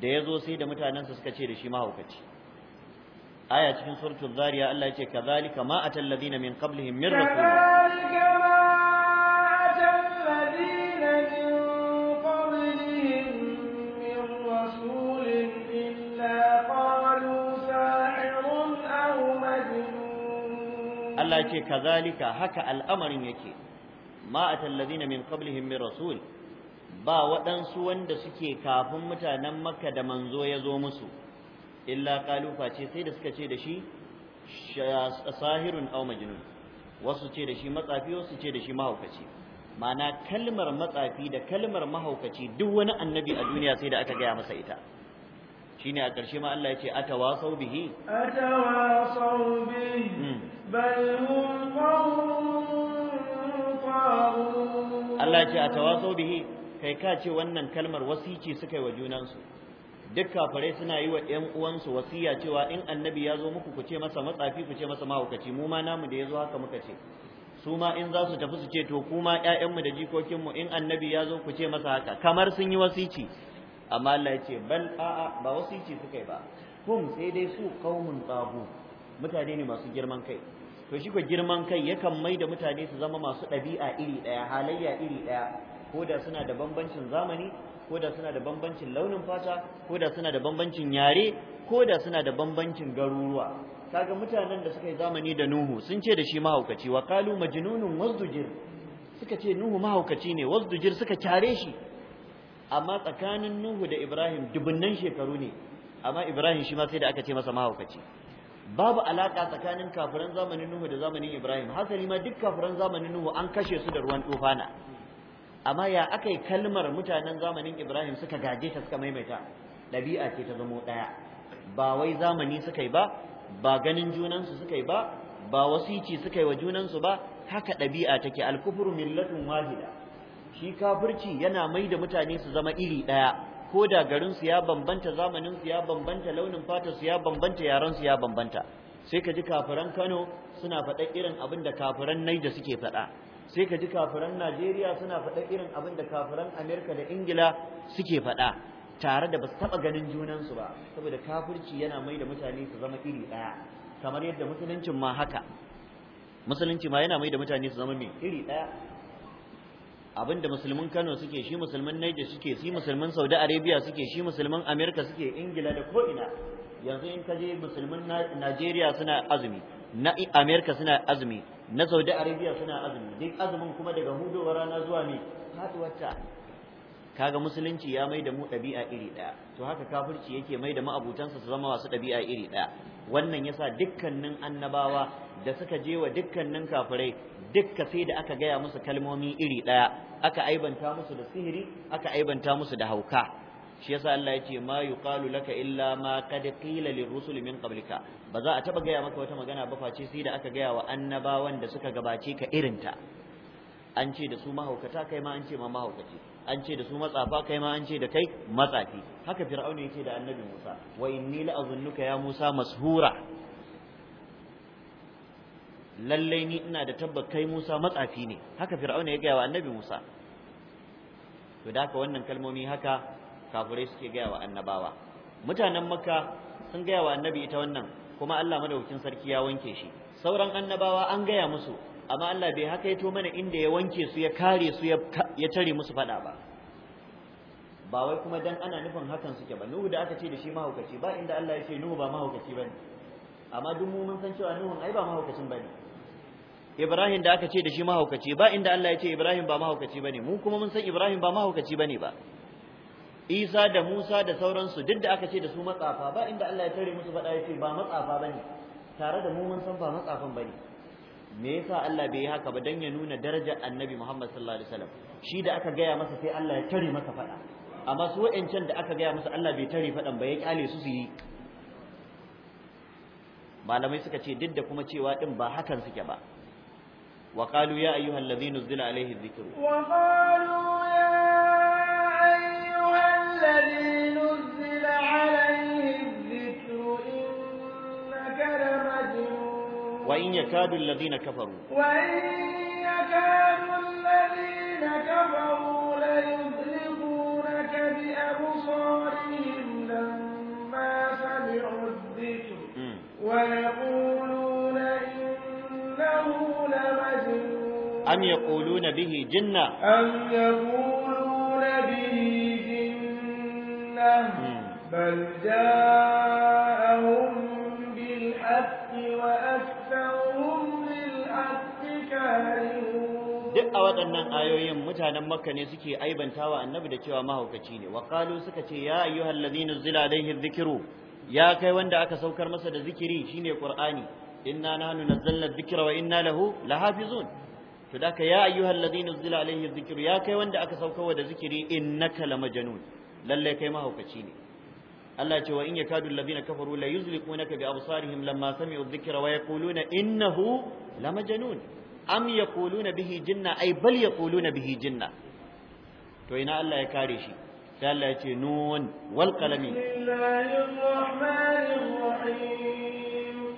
da ya zo sai da mutanensa suka ce da shi mahaukaci aya cikin suratul zariya Allah ya ce kadhalika ma atal ladina min qablihim min rasul kadhalika ma atal ladina min Allah ce kazalika haka al'amarin yake ma atallazina min qablihim min rasul ba waɗansu wanda suke kafin mutanen makka da manzo ya zo musu illa qalu ce sai da suka ce da shi sahirun aw majnun wasu ce da shi matsafi wasu ce da shi mahaukaci ma'ana kalmar matsafi da kalmar mahaukaci duk wani annabi a duniya sai da aka gaya masa ita shine a ƙarshe ma Allah ya ce atawasau bihi atawasau bihi hmm. bal hum qawmun Allah ya ce atawasau bihi kai ka ce wannan kalmar wasici suka yi wa junansu duk kafare suna yi wa ƴan uwansu wasiya cewa in annabi ya zo muku ku ce masa matsafi ku ce masa mahaukaci mu ma namu da ya zo haka muka ce su ma in za su tafi su ce to kuma ƴaƴanmu da jikokinmu in annabi ya zo ku ce masa haka kamar sun yi wasici amma Allah yace bal a'a ba wasu yace suka yi ba kun sai dai su qaumun tabu mutane ne masu girman kai to shi ko girman kai yakan mai da mutane su zama masu ɗabi'a iri ɗaya halayya iri ɗaya ko da suna da bambancin zamani ko da suna da bambancin launin fata ko da suna da bambancin yare ko da suna da bambancin garuruwa kaga mutanen da suka yi zamani da Nuhu sun ce da shi mahaukaci wa qalu majnunun wazdujir suka ce Nuhu mahaukaci ne wazdujir suka care shi amma tsakanin Nuhu da Ibrahim dubunnan shekaru ne amma Ibrahim shi ma sai da aka ce masa mahaukaci babu alaka tsakanin kafiran zamanin Nuhu da zamanin Ibrahim hasali ma duk kafiran zamanin Nuhu an kashe su da ruwan tufana amma ya aka kalmar mutanen zamanin Ibrahim suka gaje ta suka maimaita ɗabi'a ce ta zamo ɗaya ba wai zamani suka yi ba ba ganin junansu suka yi ba ba wasici suka yi wa junansu ba haka ɗabi'a take alkufru millatun wahida shi kafirci yana mai da mutane su zama iri ɗaya ko da garinsu ya bambanta zamaninsu ya bambanta launin fatarsu ya bambanta yarensu ya bambanta sai ka ji kafiran kano suna faɗa irin abin da kafiran naija suke faɗa sai ka ji kafiran najeriya suna faɗa irin abin da kafiran amerika da ingila suke faɗa tare da ba su taɓa ganin junansu ba saboda kafirci yana mai da mutane su zama iri ɗaya kamar yadda musuluncin ma haka musulunci ma yana mai da mutane su zama mai iri ɗaya abinda musulmin Kano suke shi musulmin Niger suke shi musulmin Saudi Arabia suke shi musulmin Amerika suke Ingila da ko ina yanzu in ka je musulmin Najeriya suna azumi na Amerika suna azumi na Saudi Arabia suna azumi duk azumin kuma daga wa rana zuwa ne fatuwar ta kaga musulunci ya mai da mu ɗabi'a iri ɗaya to haka kafirci yake mai da ma'abutansa su zama wasu ɗabi'a iri ɗaya wannan yasa dukkanin annabawa da suka je wa dukkanin kafirai dukka sai da aka gaya musu kalmomi iri ɗaya aka aibanta musu da sihiri aka aibanta musu da hauka shi yasa Allah yace ma yuqalu laka illa ma qad qila lirrusul min qablika ba za a taba gaya maka wata magana ba face sai da aka gaya wa annabawan da suka gabace ka irinta an ce da su mahaukata kai ma an ce ma mahaukaci an ce da su matsafa kai ma an ce da kai matsafi haka fir'auna yake da annabi Musa wa inni azunnuka ya Musa mashura lallai ni ina da tabbaka kai Musa matsafi ne haka fir'auna ya gaya wa annabi Musa to da haka wannan kalmomi haka kafirai suke gaya wa annabawa mutanen makka sun gaya wa annabi ita wannan kuma Allah madaukakin sarki ya wanke shi sauran annabawa an gaya musu amma Allah bai haka yato mana inda ya wanke su ya kare su ya tare musu fada ba ba wai kuma dan ana nufin hakan suke ba nuhu da aka ce da shi mahaukaci ba inda Allah ya ce nuhu ba mahaukaci bane amma duk mu mun san cewa Nuhu, ai ba mahaukacin bane Ibrahim da aka ce da shi mahaukaci ba inda Allah ya ce Ibrahim ba mahaukaci bane mu kuma mun san Ibrahim ba mahaukaci bane ba Isa da Musa da sauransu duk da aka ce da su matsafa ba inda Allah ya tare musu faɗa ya ce ba matsafa bane tare da mu mun san ba matsafan bane me yasa Allah bai yi haka ba dan ya nuna darajar Annabi Muhammad sallallahu alaihi wasallam shi da aka gaya masa sai Allah ya tare masa fada amma su wa'ancan da aka gaya musu Allah bai tare fadan ba ya kyale su su yi malamai suka ce duk da kuma cewa din ba hakan suke ba wa qalu ya ayyuhal ladhina nuzila alaihi dhikru wa qalu ya ayyuhal ladhina وإن يكاد الذين كفروا وإن يكاد الذين كفروا ليزلقونك بأبصارهم لما سمعوا الذكر ويقولون إنه لمجنون أم يقولون به جنة أم يقولون به جنة بل جاء waɗannan ayoyin mutanen makka ne suke aibantawa annabi da cewa mahaukaci ne wa suka ce ya ayyuhal ladina zila alaihi dhikru ya kai wanda aka saukar masa da zikiri shine qur'ani inna nahnu nazzalna dhikra wa inna lahu lahafizun to daka ya ayyuhal ladina zila alaihi dhikru ya kai wanda aka saukar da zikiri innaka lamajnun lalle kai mahaukaci ne Allah ce wa in yakadu alladhina kafaru la yuzliqunaka bi absarihim lamma sami'u dhikra wa yaquluna innahu lamajnun am yaquluna bihi jinna ai bal na bihi jinna to ina Allah ya kare shi sai Allah ya ce nun wal qalami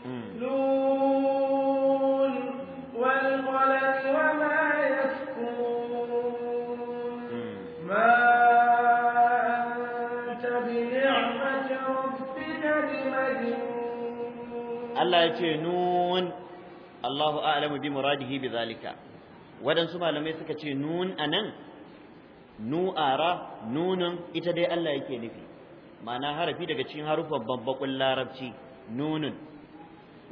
hmm. nun wal wa hmm. Allah ya ce nun Allahu a'lamu bi muradihi bi zalika su malamai suka ce nun anan nu ara, nunun ita dai Allah yake nufi ma'ana harafi daga cikin harufan babbakun larabci nunun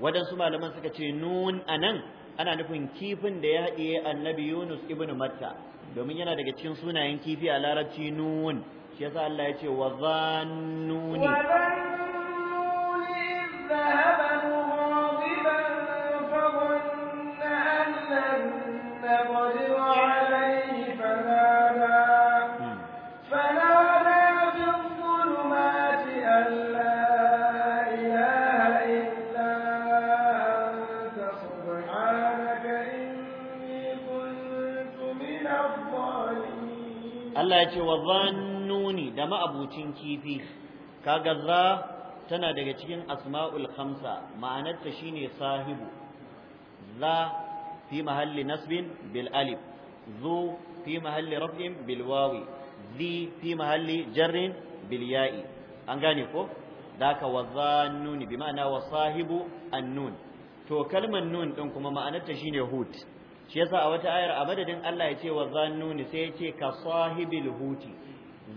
wadansu malaman suka ce nun anan ana nufin kifin da ya haɗiye annabi Yunus ibn Matta domin yana daga cikin sunayen kifi a larabci nun shi yasa Allah ya ce wa zannuni wa zannuni Allah ya ce wa zannuni da ma'abucin kifi kaga za tana daga cikin asma'ul khamsa ma'anarta shine sahibu za في محل نصب بالالف ذو في محل رفع بالواو ذي في محل جر بالياء أنغاني كو ذاك والظانون بمعنى وصاحب النون to kalmar nun ɗin kuma ma'anarta shine hut shi yasa a wata ayar a madadin Allah ya ce wa sai ya ka sahibil huti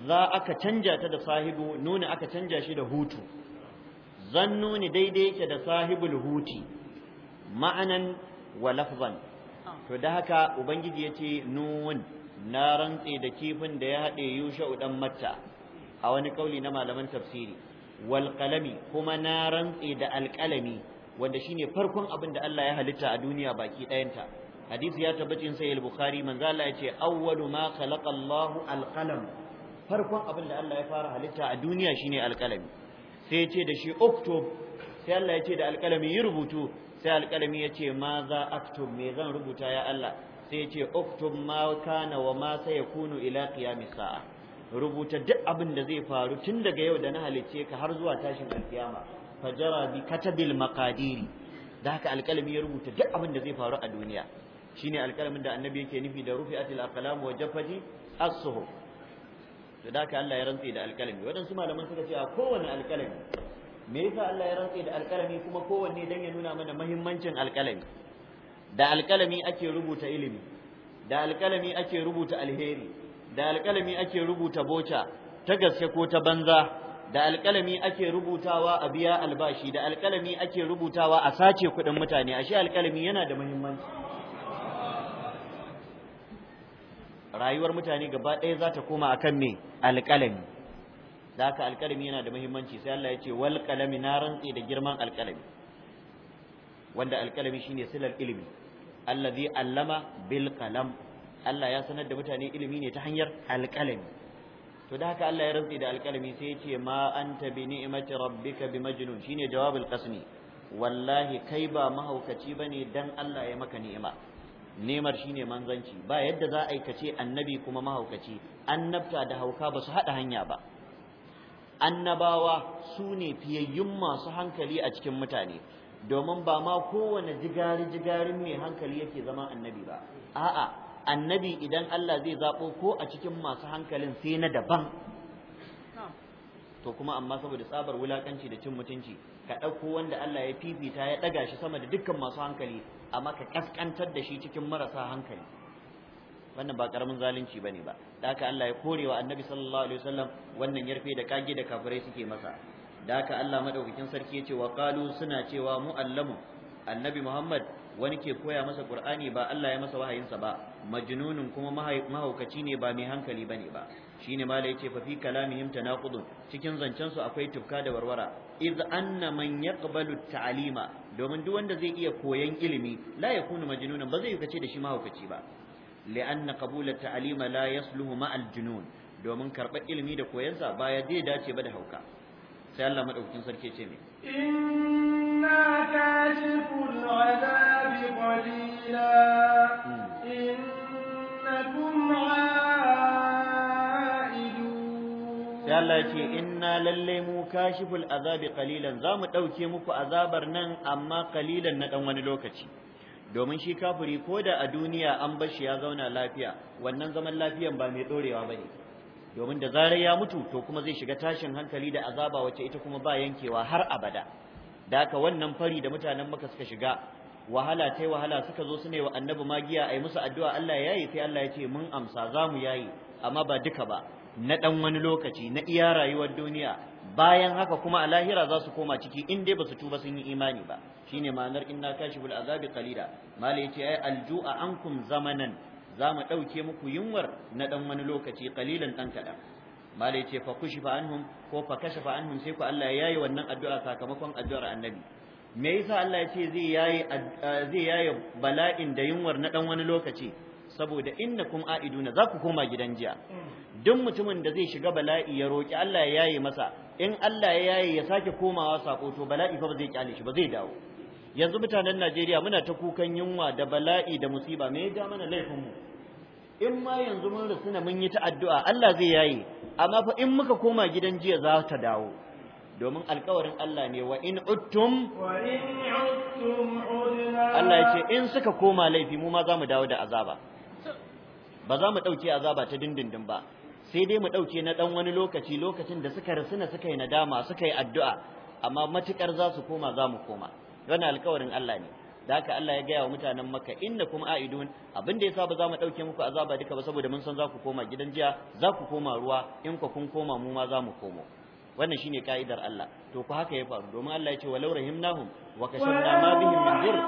za aka canja ta da sahibu nuni aka canja shi da hutu zannuni daidai yake da sahibul huti ma'anan wa lafzan to da haka ubangiji ya ce nun na rantse da kifin da ya haɗe yusha'u dan matta a wani kauli na malaman tafsiri wal qalami kuma na rantse da alqalami wanda shine farkon abin da Allah ya halitta a duniya baki ɗayanta hadisi ya tabbacin sai al-bukhari manzo Allah ya ce awwalu ma khalaqa Allahu al-qalam farkon abin da Allah ya fara halitta a duniya shine alqalami sai ya ce da shi Oktob sai Allah ya ce da alqalami yi rubutu sai alƙalami ya ce ma za aktub me zan rubuta ya Allah sai ya ce uktub ma kana wa ma kunu ila qiyamis sa'a rubuta duk abin da zai faru tun daga yau da na halicce ka har zuwa tashin alkiyama fajara bi katabil maqadiri da haka alƙalami ya rubuta duk abin da zai faru a duniya Shi ne alƙalamin da annabi yake nufi da rufi'atil aqlam wa jafati as-suhuf da haka Allah ya rantse da alƙalami wadansu malaman suka ce a kowane alƙalami me yasa Allah ya rantse da alƙalami kuma kowanne dan ya nuna mana muhimmancin alƙalami da alƙalami ake rubuta ilimi da alƙalami ake rubuta alheri da alƙalami ake rubuta boca ta gaske ko ta banza da alƙalami ake rubutawa a biya albashi da alƙalami ake rubutawa a sace kuɗin mutane ashe alƙalami yana da muhimmanci rayuwar mutane gaba ɗaya za ta koma akan me alƙalami da haka alƙalami yana da muhimmanci sai Allah ya ce wal na rantse da girman alƙalami wanda alƙalami shine silar ilimi allazi allama bil qalam Allah ya sanar da mutane ilimi ne ta hanyar alƙalami to da haka Allah ya rantse da alƙalami sai ya ce ma anta bi ni'mati rabbika bi majnun shine jawabul qasmi wallahi kai ba mahaukaci bane dan Allah ya maka ni'ima nemar shine manzanci ba yadda za a aikace annabi kuma mahaukaci annabta da hauka ba su haɗa hanya ba annabawa su ne fiyayyun masu hankali a cikin mutane domin ba ma kowane jigari-jigarin mai hankali yake zama annabi ba a'a annabi idan Allah zai zaɓo ko a cikin masu hankalin sai na daban to kuma amma saboda tsabar wulakanci da cin mutunci ka ɗauko wanda Allah ya fifita ya ɗaga shi sama da dukkan masu hankali amma ka ƙasƙantar da shi cikin marasa hankali wannan ba karamin zalunci bane ba da Allah ya korewa annabi sallallahu alaihi wasallam wannan yarfe da kage da kafirai suke masa da Allah madaukakin sarki yace wa qalu suna cewa muallamu annabi Muhammad wani ke koya masa Qur'ani ba Allah ya masa wahayinsa ba majnunun kuma mahaukaci ne ba mai hankali bane ba shine mala yace fa fi kalamihim tanaqudun cikin zancen su akwai tufka da warwara iz anna man yaqbalu ta'lima domin duk wanda zai iya koyan ilimi la yakunu majnunan ba zai kace da shi mahaukaci ba li'anna qabula ta'lima la yasluhu ma'al domin karɓar ilimi da koyansa ba ya zai dace ba da hauka sai Allah sarki ce me inna kashiful azabi qalila innakum sai Allah ya ce inna lalle mu kashiful azabi qalilan zamu ɗauke muku azabar nan amma qalilan na dan wani lokaci domin shi kafiri ko da a duniya an bar shi ya zauna lafiya wannan zaman lafiyan ba mai dorewa ne. domin da zarar ya mutu to kuma zai shiga tashin hankali da azaba wacce ita kuma ba yankewa har abada da haka wannan fari da mutanen maka suka shiga wahala tai wahala suka zo su ne wa annabi magiya ai musu addu'a Allah ya yi, sai Allah ya ce mun amsa za mu yayi amma ba duka ba na ɗan wani lokaci na iya rayuwar duniya bayan haka kuma a lahira za su koma ciki in dai ba su tuba sun yi imani ba shine ma'anar kashi bul azabi qalila mala yace ay alju'a ankum zamanan za mu ɗauke muku yunwar na ɗan wani lokaci qalilan ɗan kaɗan mala yace fa kushifa anhum ko fa kashafa anhum sai ku Allah ya yi wannan addu'a sakamakon addu'ar annabi me yasa Allah ce zai yayi zai yayi bala'in da yunwar na ɗan wani lokaci saboda innakum aiduna za ku koma gidan jiya duk mutumin da zai shiga bala'i ya roki Allah ya yaye masa in Allah ya yaye ya sake komawa sako to bala'i fa ba zai kyale shi ba zai dawo yanzu mutanen Najeriya muna ta kukan yunwa da bala'i da musiba me ya ga mana laifin mu in ma yanzu mun rusuna mun yi ta addu'a Allah zai yaye amma fa in muka koma gidan jiya za ta dawo domin alkawarin Allah ne wa in uttum Allah ya ce in suka koma laifi mu ma za mu dawo da azaba ba za mu ɗauke azaba ta dindindin ba sai dai mu ɗauke na ɗan wani lokaci lokacin da suka rasuna suka yi nadama suka yi addu'a amma matuƙar za su koma za mu koma wannan alkawarin Allah ne da aka Allah ya gaya wa mutanen Makka kuma aidun abin da yasa ba za mu ɗauke muku azaba duka ba saboda mun san za ku koma gidan jiya za ku koma ruwa in ku kun koma mu ma za mu komo wannan shine ka'idar Allah to ku haka ya faru domin Allah ya ce walau rahimnahum wa kashafna ma bihim min dhurr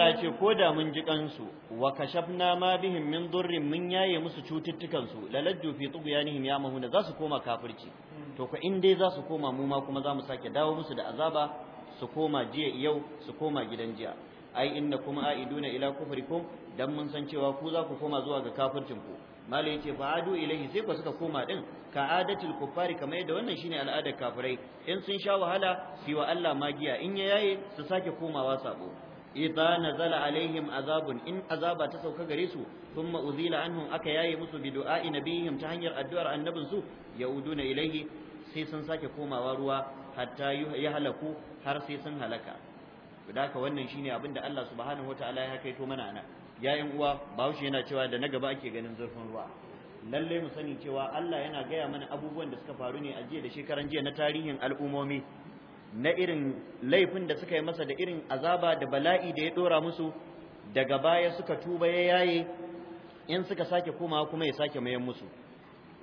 Allah ce ko da mun ji kansu wa kashafna ma bihim min durrin mun yaye musu cututtukan su laladdu fi tughyanihim ya mahuna za su koma kafirci to ko in dai za su koma mu ma kuma za mu sake dawo musu da azaba su koma jiya yau su koma gidan jiya ai inna kuma aiduna ila kufrikum dan mun san cewa ku za ku koma zuwa ga kafircin ku malai yace fa adu ilaihi sai ku suka koma din ka adatul kuffari kamar yadda wannan shine al'adar kafirai in sun sha wahala fi wa Allah magiya in ya yaye su sake komawa sabo idza nazala alaihim azabun in azaba ta sauka gare su thumma uzila anhum aka yaye musu bi du'a'i nabihim ta hanyar addu'ar annabin su yauduna ilaihi sai sun sake komawa ruwa hatta ya halaku har sai sun halaka haka wannan shine abin da Allah subhanahu wataala ya kaito mana nan yayin uwa Bahaushe yana cewa da na gaba ake ganin zurfin ruwa lalle mu sani cewa Allah yana gaya mana abubuwan da suka faru ne a jiya da shekaran jiya na tarihin al'ummomi. na irin laifin da suka yi masa da irin azaba da bala'i da ya dora musu daga baya suka tuba ya yaye in suka sake komawa kuma ya sake mayan musu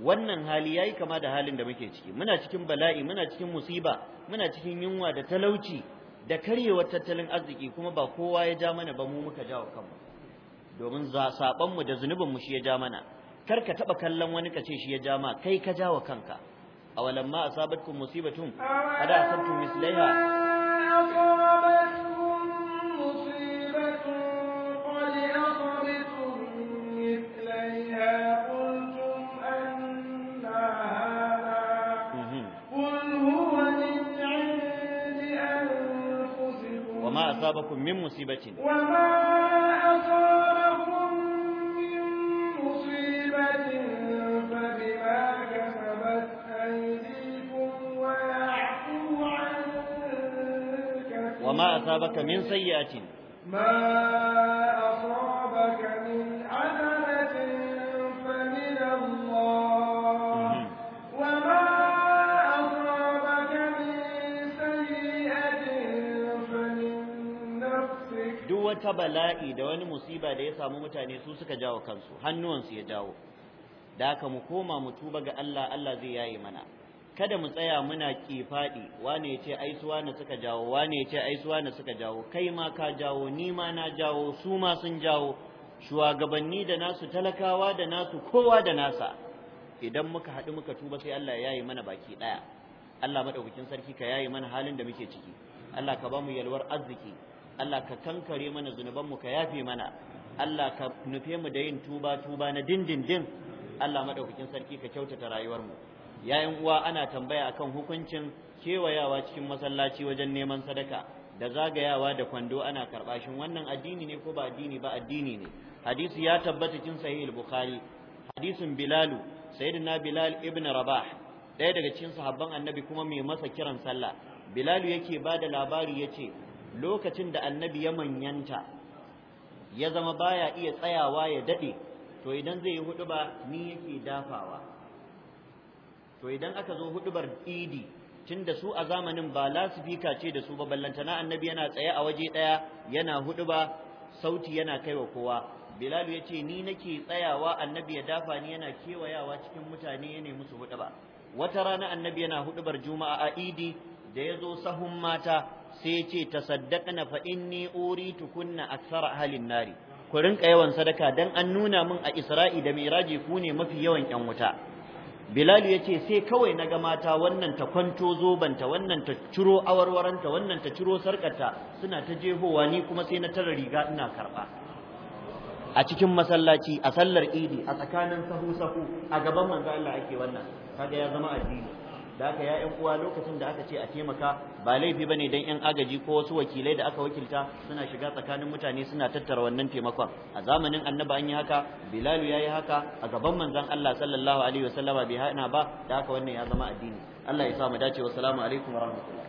wannan hali yayi kama da halin da muke ciki muna cikin bala'i muna cikin musiba muna cikin yunwa da talauci da karyewar tattalin arziki kuma ba kowa ya ja mana ba mu muka ja wa kanmu domin za saban mu da zunubin mu shi ya ja mana kar ka taba kallon wani ka ce shi ya ja ma kai ka ja wa kanka أولما أصابتكم مصيبة قد مثليها أصابتكم مصيبة قد أصبتم مثليها قلتم أن هذا قل هو من أنفسكم وما أصابكم من مصيبة وما أصابكم وما أصابك من سيئة ما أصابك من حسنة فمن الله وما أصابك من سيئة فمن نفسك duk wata bala'i da wani musiba da ya samu mutane su suka jawo kansu hannuwansu ya jawo da haka mu koma mu tuba ga Allah Allah zai yaye mana kada mu tsaya muna kifaɗi wane ya ce ai su wane suka jawo wane ya ce ai su wane suka jawo kai ma ka jawo ni ma na jawo su ma sun jawo shugabanni da nasu talakawa da nasu kowa da nasa idan muka haɗu muka tuba sai Allah ya yi mana baki ɗaya Allah maɗaukakin sarki ka yayi mana halin da muke ciki Allah ka ba mu yalwar arziki Allah ka kankare mana zunubanmu ka yafe mana Allah ka nufe mu da yin tuba tuba na dindindin Allah maɗaukakin sarki ka kyautata rayuwarmu yayin uwa ana tambaya akan hukuncin kewayawa cikin masallaci wajen neman sadaka da zagayawa da kwando ana karɓa shin wannan addini ne ko ba addini ba addini ne hadisi ya tabbata cikin sahih al-bukhari hadisin bilalu sayyidina bilal ibn rabah ɗaya daga cikin sahabban annabi kuma mai masa kiran sallah bilalu yake ba da labari ya ce lokacin da annabi ya manyanta ya zama baya iya tsayawa ya daɗe to idan zai yi hudu ba ni yake dafawa to idan aka zo hudubar idi tunda su a zamanin ba lasifika ce da su ba ballantana annabi yana tsaye a waje daya yana huduba sauti yana kaiwa kowa bilal ya ce ni nake tsayawa annabi ya dafa ni yana kewayawa cikin mutane ya nemi su huduba wata rana annabi yana hudubar juma'a a idi da ya zo sahun mata sai ya ce tasaddaqna fa inni uritu kunna akthara halin nari ku rinka yawan sadaka dan an nuna min a Isra'i da Miraji ku ne mafi yawan ƴan wuta Bilal ya ce sai kawai na ga mata wannan ta kwanto zobanta wannan ta ciro awarwaranta wannan ta ciro sarkarta suna ta jehowa ni kuma sai na tara riga ina karɓa a cikin masallaci a sallar idi a tsakanin sahu sahu a gaban manzo Allah ake wannan kaga ya zama addini da aka ya uwa lokacin da aka ce a taimaka ba laifi ba ne don yan agaji ko wasu wakilai da aka wakilta suna shiga tsakanin mutane suna tattara wannan taimakon a zamanin annaba an yi haka bilalu ya yi haka a gaban manzan allah sallallahu alaihi wasallama bai hana ba da haka wannan ya zama addini allah ya sa mu dace wa salamu alaikum wa rahmatullah